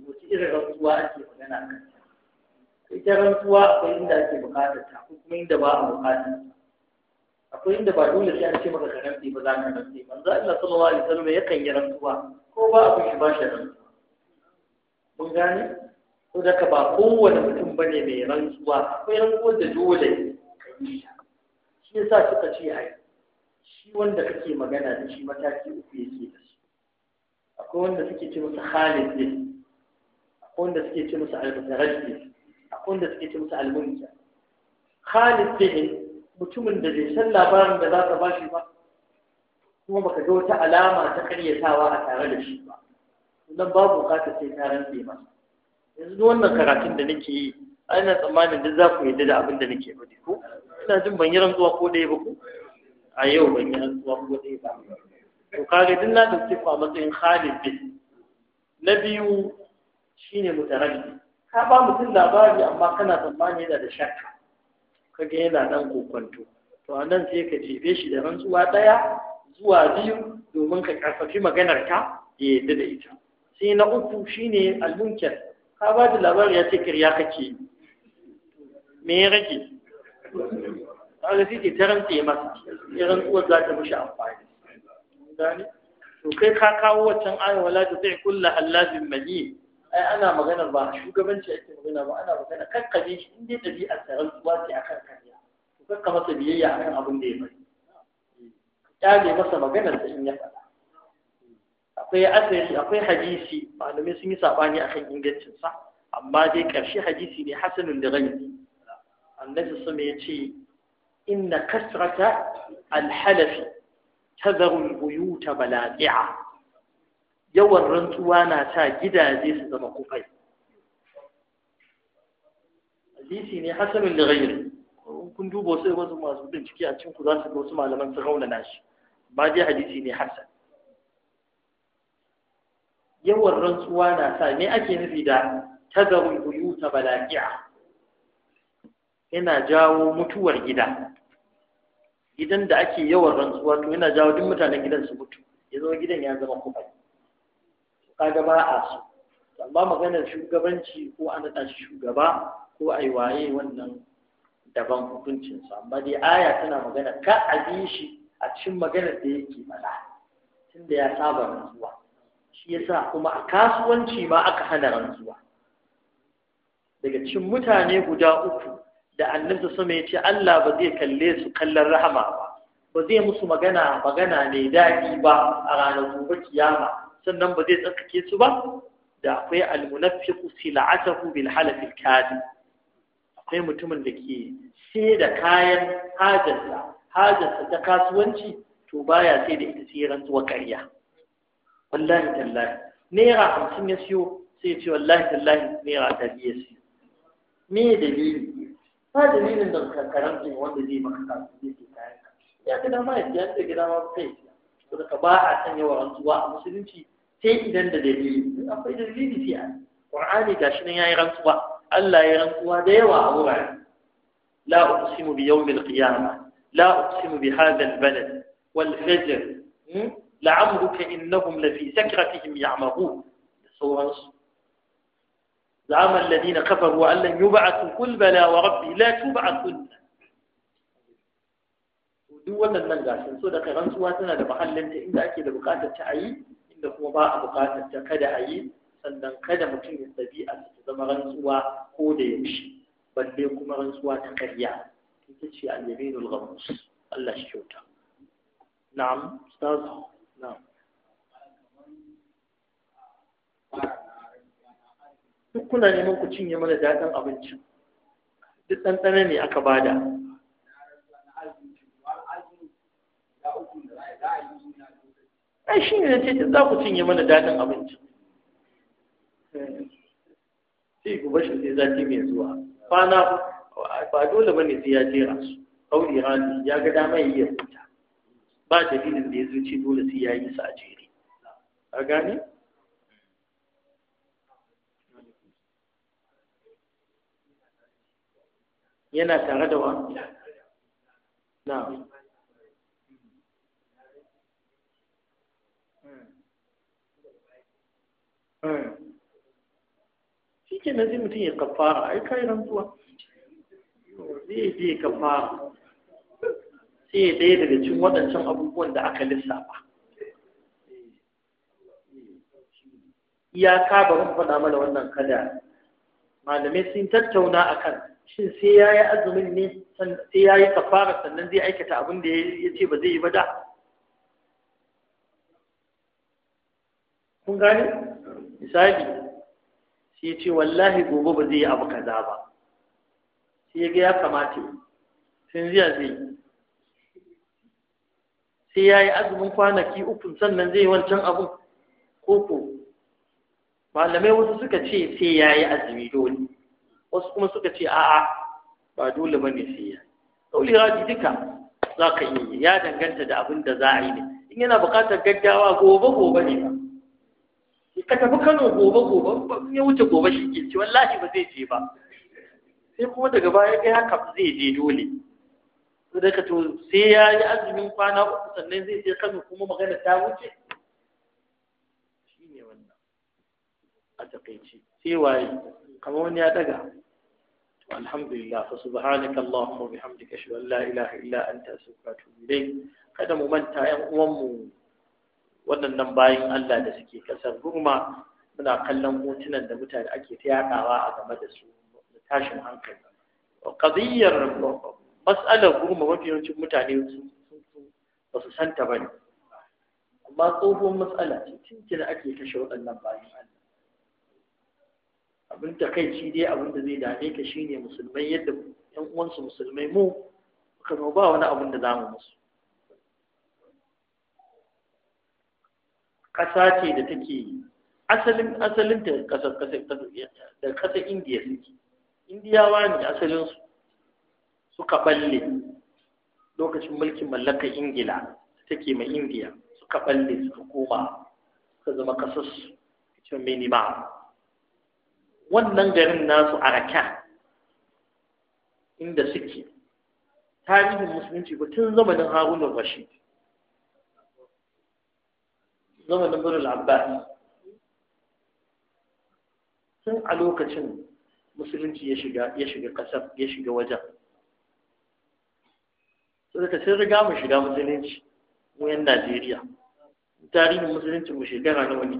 da rantsuwa ake magana kan ta ita rantsuwa akwai inda ake bukatar ta ko kuma inda ba a bukatar ta akwai inda ba dole sai an ce maka ka rantsi ba za ka rantsi manzo Allah sallallahu alaihi wasallam yakan yi rantsuwa ko ba abin shi ba shi rantsuwa mun gane ko da ka ba kowane mutum bane mai rantsuwa akwai rantsuwar da dole shi yasa suka ce ai shi wanda kake magana da shi mataki uku yake da shi akwai wanda suke ce masa Khalid ne akwai wanda suke ce musu almutarabbi akwai wanda suke ce musu almunka khalid bihin mutumin da bai san labarin da za ta ba shi ba kuma baka ga wata alama ta karyatawa a tare da shi ba nan babu bukatar sai ta rantse ba. yanzu wannan karatun da nake yi ana tsammanin duk za ku yadda da abin da nake faɗi ko ina jin ban yi rantsuwa ko ɗaya ba ko a yau ban yi rantsuwa ko ɗaya ba to kare duk na ɗauke ku a matsayin Khalid bin na biyu Shi shine mutaraddi ka ba mutum labari amma kana tsammani yana da shakka ga yana nan kokonto to a nan sai ka jefe shi da rantsuwa ɗaya zuwa biyu domin ka karfafi maganar ka. ya yadda da ita sai na uku shi ne albunkar. ka ba da labari ya ce kirya kake me ya rage kaga sai ke ta rantse masa ya rantsuwar za ta mishi amfani gane to kai ka kawo waccan ayon wala ta sai kulla hallafin mali ai ana maganar ba shugabanci ake magana ba ana magana kakkabe shi in dai ɗabi'ar tsaron zuwa ce akan karya to kakka masa biyayya kan abin da ya bari kyale masa maganar da in ya faɗa akwai asali akwai hadisi malamai sun yi sabani akan kan ingancinsa, amma dai ƙarshe hadisi ne hasanun da gani annabi sama ya ce inna kasrata alhalafi tadharu buyuta baladi'a yawan rantsuwa na sa gidaje su zama kufai hadisi ne hasanin da gairi kun duba wasu wasu masu bincike a cikin ku za su ga wasu malaman su raunana shi ba dai hadisi ne hasan yawan rantsuwa na sa me ake nufi da tazarul buyuta balaqi'a yana jawo mutuwar gida gidan da ake yawan rantsuwa to yana jawo duk mutanen gidan su mutu ya zama gidan ya zama kufai kaga ba a su amma maganar shugabanci ko an da shugaba ko ai waye wannan daban hukuncinsa amma dai aya tana magana ka a bi shi a cikin maganar da yake faɗa tunda ya saba rantsuwa shi yasa kuma a kasuwanci ma aka hana rantsuwa daga cikin mutane guda uku da annabi sama ya ce Allah ba zai kalle su kallon rahama ba ba zai musu magana magana mai daɗi ba a ranar gobe kiyama sannan ba zai tsarkake su ba da akwai almunafiqu sil'atahu bil halaf al kadi akwai mutumin da ke sai da kayan hajarsa hajarsa ta kasuwanci to baya sai da ita sai rantsuwa ƙarya wallahi tallahi naira hamsin ya siyo sai ya ce wallahi tallahi naira ɗari ya siyo me dalili ba dalilin da karkaran ne wanda zai maka kasuwanci zai kayan ya ga dama ya siya ya ga dama sai ya siya saboda ba a sanya wa rantsuwa a musulunci sai idan da dalili akwai dalili sai an qur'ani gashi nan yayi rantsuwa Allah ya rantsuwa da yawa a wurare la uqsimu bi yawmil qiyamah la uqsimu bi hadha al balad wal fajr la'amruka innahum lafi sakratihim ya'mahun sauransu زعم الذين كفروا أن لن يبعثوا قل بلى وربي لا تبعثن duk wannan nan gashin so da karan suwa tana da mahallin ta inda ake da bukatar ta ayi da kuma ba a bukatar ta kada a yi sannan kada mutum ya a su zama rantsuwa ko da yaushe balle kuma rantsuwa ta karya ita ce al-yaminul ghamus Allah shi kyauta na'am ustaz na'am duk kuna neman ku cinye mana daɗin abincin duk ɗanɗana ne aka bada ai shi ne ce za ku cinye mana daɗin abinci sai ku bashi sai zafi mai zuwa kwana ba dole bane sai ya jera su kauri rani ya ga dama ya iya fita ba dalilin da ya zuci dole sai ya yi su a jere a gane yana tare da wa na Eh. shi ke nan zai mutum ya kafara ai kai rantsuwa zai je ya kafara sai ya ɗaya daga cikin waɗancan abubuwan da aka lissafa iyaka ba mun faɗa mana wannan kada malamai sun tattauna akan shin sai ya yi azumin ne sai ya yi kafara sannan zai aikata abin da ya ce ba zai yi ba da kun gane misali sai ya ce wallahi gobe ba zai yi abu kaza ba sai ya ga ya kamata sun ziya zai sai ya yi azumin kwanaki uku sannan zai wancan abu koko malamai wasu suka ce sai ya yi azumi dole wasu kuma suka ce a'a ba dole ba ne sai ya ɗauli ji duka za ka yi ya danganta da abin da za a yi ne in yana buƙatar gaggawa gobe gobe ne ba ka tafi Kano gobe gobe in ya wuce gobe shi ke ci wallahi ba zai je ba sai kuma daga baya kai haka zai je dole daga to sai ya yi azumin kwana uku sannan zai je Kano kuma magana ta wuce shine wannan a takaici sai waye kamar wani ya daga الحمد لله فسبحانك اللهم وبحمدك اشهد ان لا اله الا انت استغفرك اليك kada mu manta 'yan uwanmu waɗannan bayan Allah da suke kasar ruma muna kallon hotunan da mutane ake ta yaɗawa a game da su da tashin hankali ƙaziyyar mas'alar ruma mafi yawancin mutane ba su santa ba ne amma tsohon matsala ce tuntuna ake kashe waɗannan bayan Allah abin kai shi dai abin da zai dame ka shine musulmai yadda yan uwansu musulmai mu kuma ba wani abin da za mu musu ƙasa ce da take asalin asalin ta ƙasar da ƙasar indiya suke indiyawa ne asalinsu suka balle lokacin mulkin mallakar ingila take mai indiya suka balle suka koma suka zama ƙasarsu ita minima wannan garin nasu a raka inda suke tarihin musulunci ba tun zamanin harunan rashid zamanin birnin abbas sun a lokacin musulunci ya shiga ya shiga kasar ya shiga wajen So daga sai riga mu shiga musulunci mu yan Najeriya tarihin musulunci mu shekara nawa ne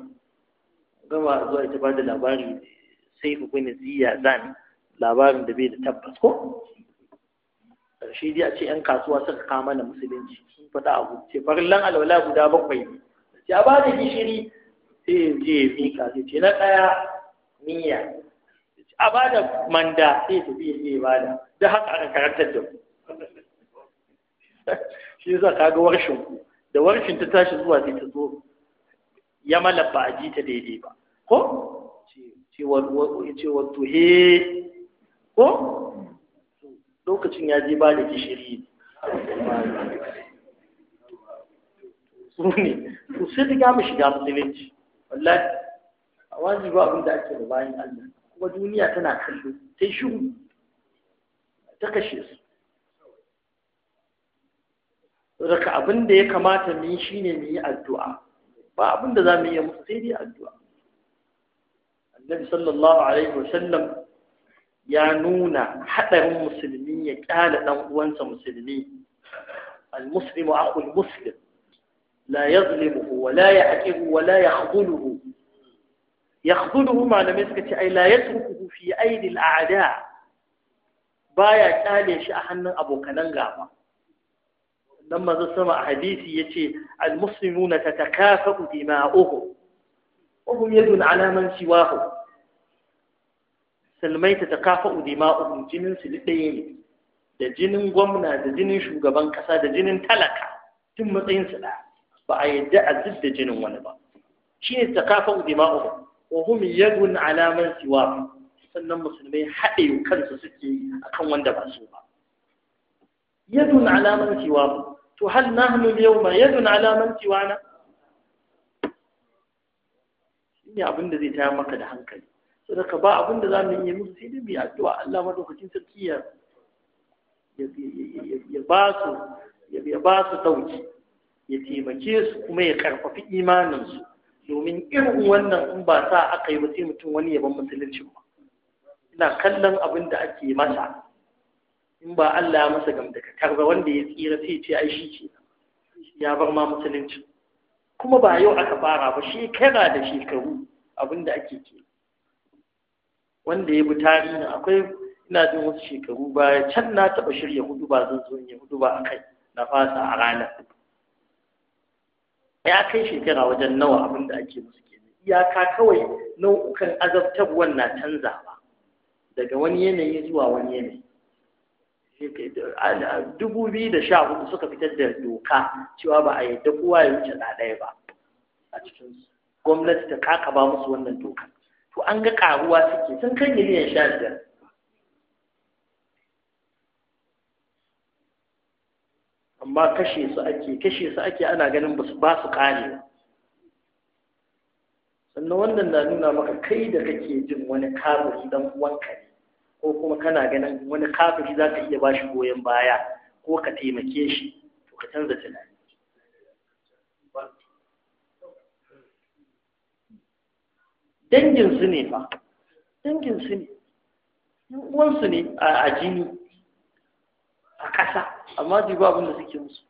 gama zuwa ita ba da labari sai ku gani ziya zan labarin da bai da tabbas ko shi dai a ce yan kasuwa suka kama na musulunci sun faɗa abu ce lan alwala guda bakwai ne ya ba da gishiri sai je ya mika ce. ce na ɗaya niyya a ba da manda sai ya tafi ya je ba da da haka aka karantar da ku shi yasa kaga warshin ku da warshin ta tashi zuwa sai ta zo ya malabba a ji ta daidai ba ko ce wato he ko lokacin ya je ba da gishiri sune to sun riga mu shiga musulunci wallahi wazi ba abin da ake bayan Allah kuma duniya tana kallo ta yi shiru ta kashe su daga abin da ya kamata mu yi shine mu yi addu'a ba abin da za mu yi musu sai dai addu'a annabi sallallahu alaihi wasallam ya nuna hadarin musulmi ya kyala dan uwansa musulmi al-muslimu akhul muslim la yazlimuhu wa la ya'qihu wa la yakhdhuluhu yakhdhuluhu malamai suka ci ai la yatrukuhu fi aidi al-a'da baya ƙyale shi a hannun abokanan gaba dan manzo sama a hadisi yace al-muslimuna tatakafa'u dima'uhum wa hum yadun 'ala man siwahum salmai ta takafa'u dima'uhum jinin su ɗaya ne da jinin gwamna da jinin shugaban kasa da jinin talaka tun matsayin su ba a yadda a zub da jinin wani ba shi ne takafan dima'u ko hum yagun alaman siwa sannan musulmai haɗe kansu suke a kan wanda ba su ba yadun alaman siwa to hal nahnu yawma yadun alaman siwana ne abin da zai tayar maka da hankali sadaka ba abin da za mu yi musu sai dai a addu'a Allah madaukakin sarki ya ya ba su ya ba su dauki ya taimake su kuma ya karfafi imaninsu domin irin wannan in ba sa aka yi ba sai mutum wani yaban musulunci ba ina kallon abin da ake masa in ba Allah ya masa gamdakatar ba wanda ya tsira sai ce ai shi ke ya bar ma musulunci kuma ba yau aka fara ba shekara da shekaru abin da ake ke wanda ya bi tarihin akwai ina jin wasu shekaru baya can na taɓa shirya hudu ba zan zo in yi hudu ba akai kai na fasa a ranar ya kai shekara wajen nawa abin da ake musu ke iyaka kawai nau'ukan azabtarwar na canzawa daga wani yanayi zuwa wani yanayi dubu biyu da sha hudu suka fitar da doka cewa ba a yadda kowa ya wuce na ɗaya ba a cikin gwamnati ta kaka ba musu wannan doka to an ga karuwa suke sun kai miliyan sha biyar amma kashe su ake kashe su ake ana ganin ba su kare sannan wannan na nuna maka kai da kake jin wani kafiri dan uwanka ne ko kuma kana ganin wani kafiri za ka iya ba shi goyon baya ko ka taimake shi to ka canza tunani danginsu ne fa su ne uwansu ne a jini a ƙasa amma duba abin da suke musu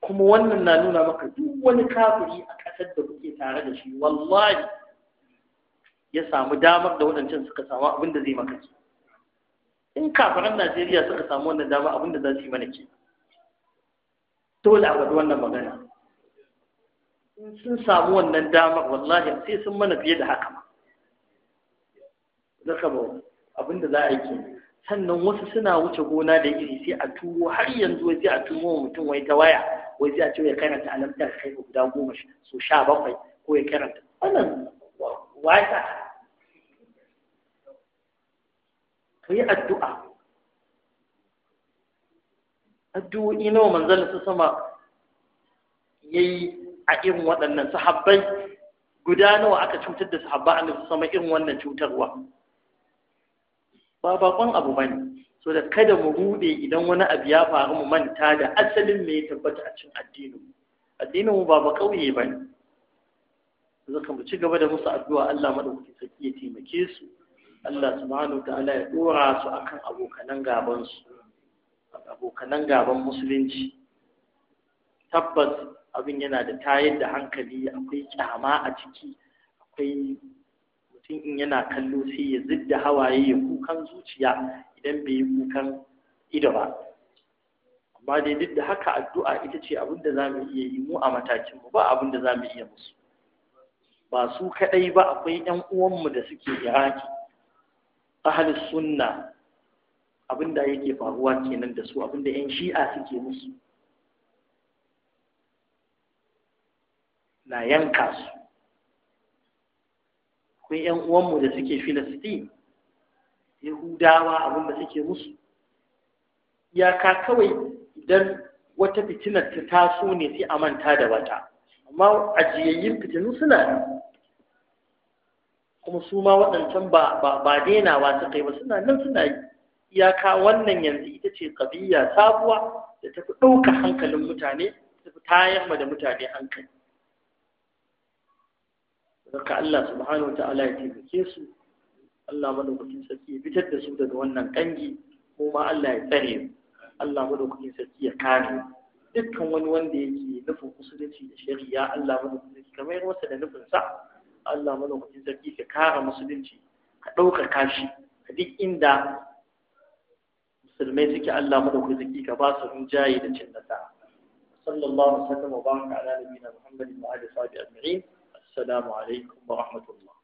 kuma wannan na nuna maka duk wani kafiri a ƙasar da kuke tare da shi wallahi ya samu damar da wadancan suka samu abin da zai maka ke in kafiran najeriya suka samu wannan dama abin da za su yi mana ke dole a faɗi wannan magana in sun samu wannan damar wallahi sai sun mana fiye da haka ma zaka ba abin da za a yi kenan sannan wasu suna wuce gona da iri sai a turo har yanzu wai sai a turo mutum wai ta waya wai sai a ce ya karanta alamtar kai guda goma so sha bakwai ko ya karanta wannan wata ka yi addu'a addu'o'i nawa manzon su sama yayi a irin waɗannan sahabbai guda nawa aka cutar da sahabba annabi sama irin wannan cutarwa ba bakon abu bane so da kada mu rude idan wani abu ya faru mu manta da asalin me ya tabbata a cikin addinin mu addinin mu ba ba kauye bane zaka mu ci gaba da musu addu'a Allah madaukakin sarki ya taimake su Allah subhanahu wa ta'ala ya dora su akan abokanan gaban su abokanan gaban musulunci tabbas abin yana da tayar da hankali akwai kyama a ciki akwai tun in yana kallo sai ya zidda hawaye ya kukan zuciya idan bai yi kukan ido ba amma dai duk da haka addu'a ita ce abin da za mu iya yi mu a matakin mu ba abin da za mu iya musu ba su kadai ba akwai 'yan uwanmu da suke iraki ahli sunna abin da yake faruwa kenan da su abin da 'yan shi'a suke musu na yanka su akwai ‘yan uwanmu da suke filistin yahudawa abin da suke musu iyaka kawai idan wata fitinar ta taso ne sai a manta da wata amma ajiyayyin fitinu suna kuma su ma waɗancan ba dainawa ta kai ba suna nan suna yi iyaka wannan yanzu ita ce kabiya sabuwa da tafi ɗauka hankalin mutane tafi tayar da mutane hankali saka Allah subhanahu wa ta'ala ya taimake su Allah madaukakin sarki ya fitar da su daga wannan kangi ko ma Allah ya tsare mu Allah madaukakin sarki ya kare dukkan wani wanda yake nufin musulunci da shari'a Allah madaukakin sarki kamar yadda wasa da nufin sa Allah madaukakin sarki ka kare musulunci ka ɗaukaka shi a duk inda musulmai suke Allah madaukakin sarki ka ba su rinjaye da cin nasara sallallahu alaihi wa sallam wa baraka ala nabiyina Muhammadin wa alihi wa sahbihi ajma'in والسلام عليكم ورحمة الله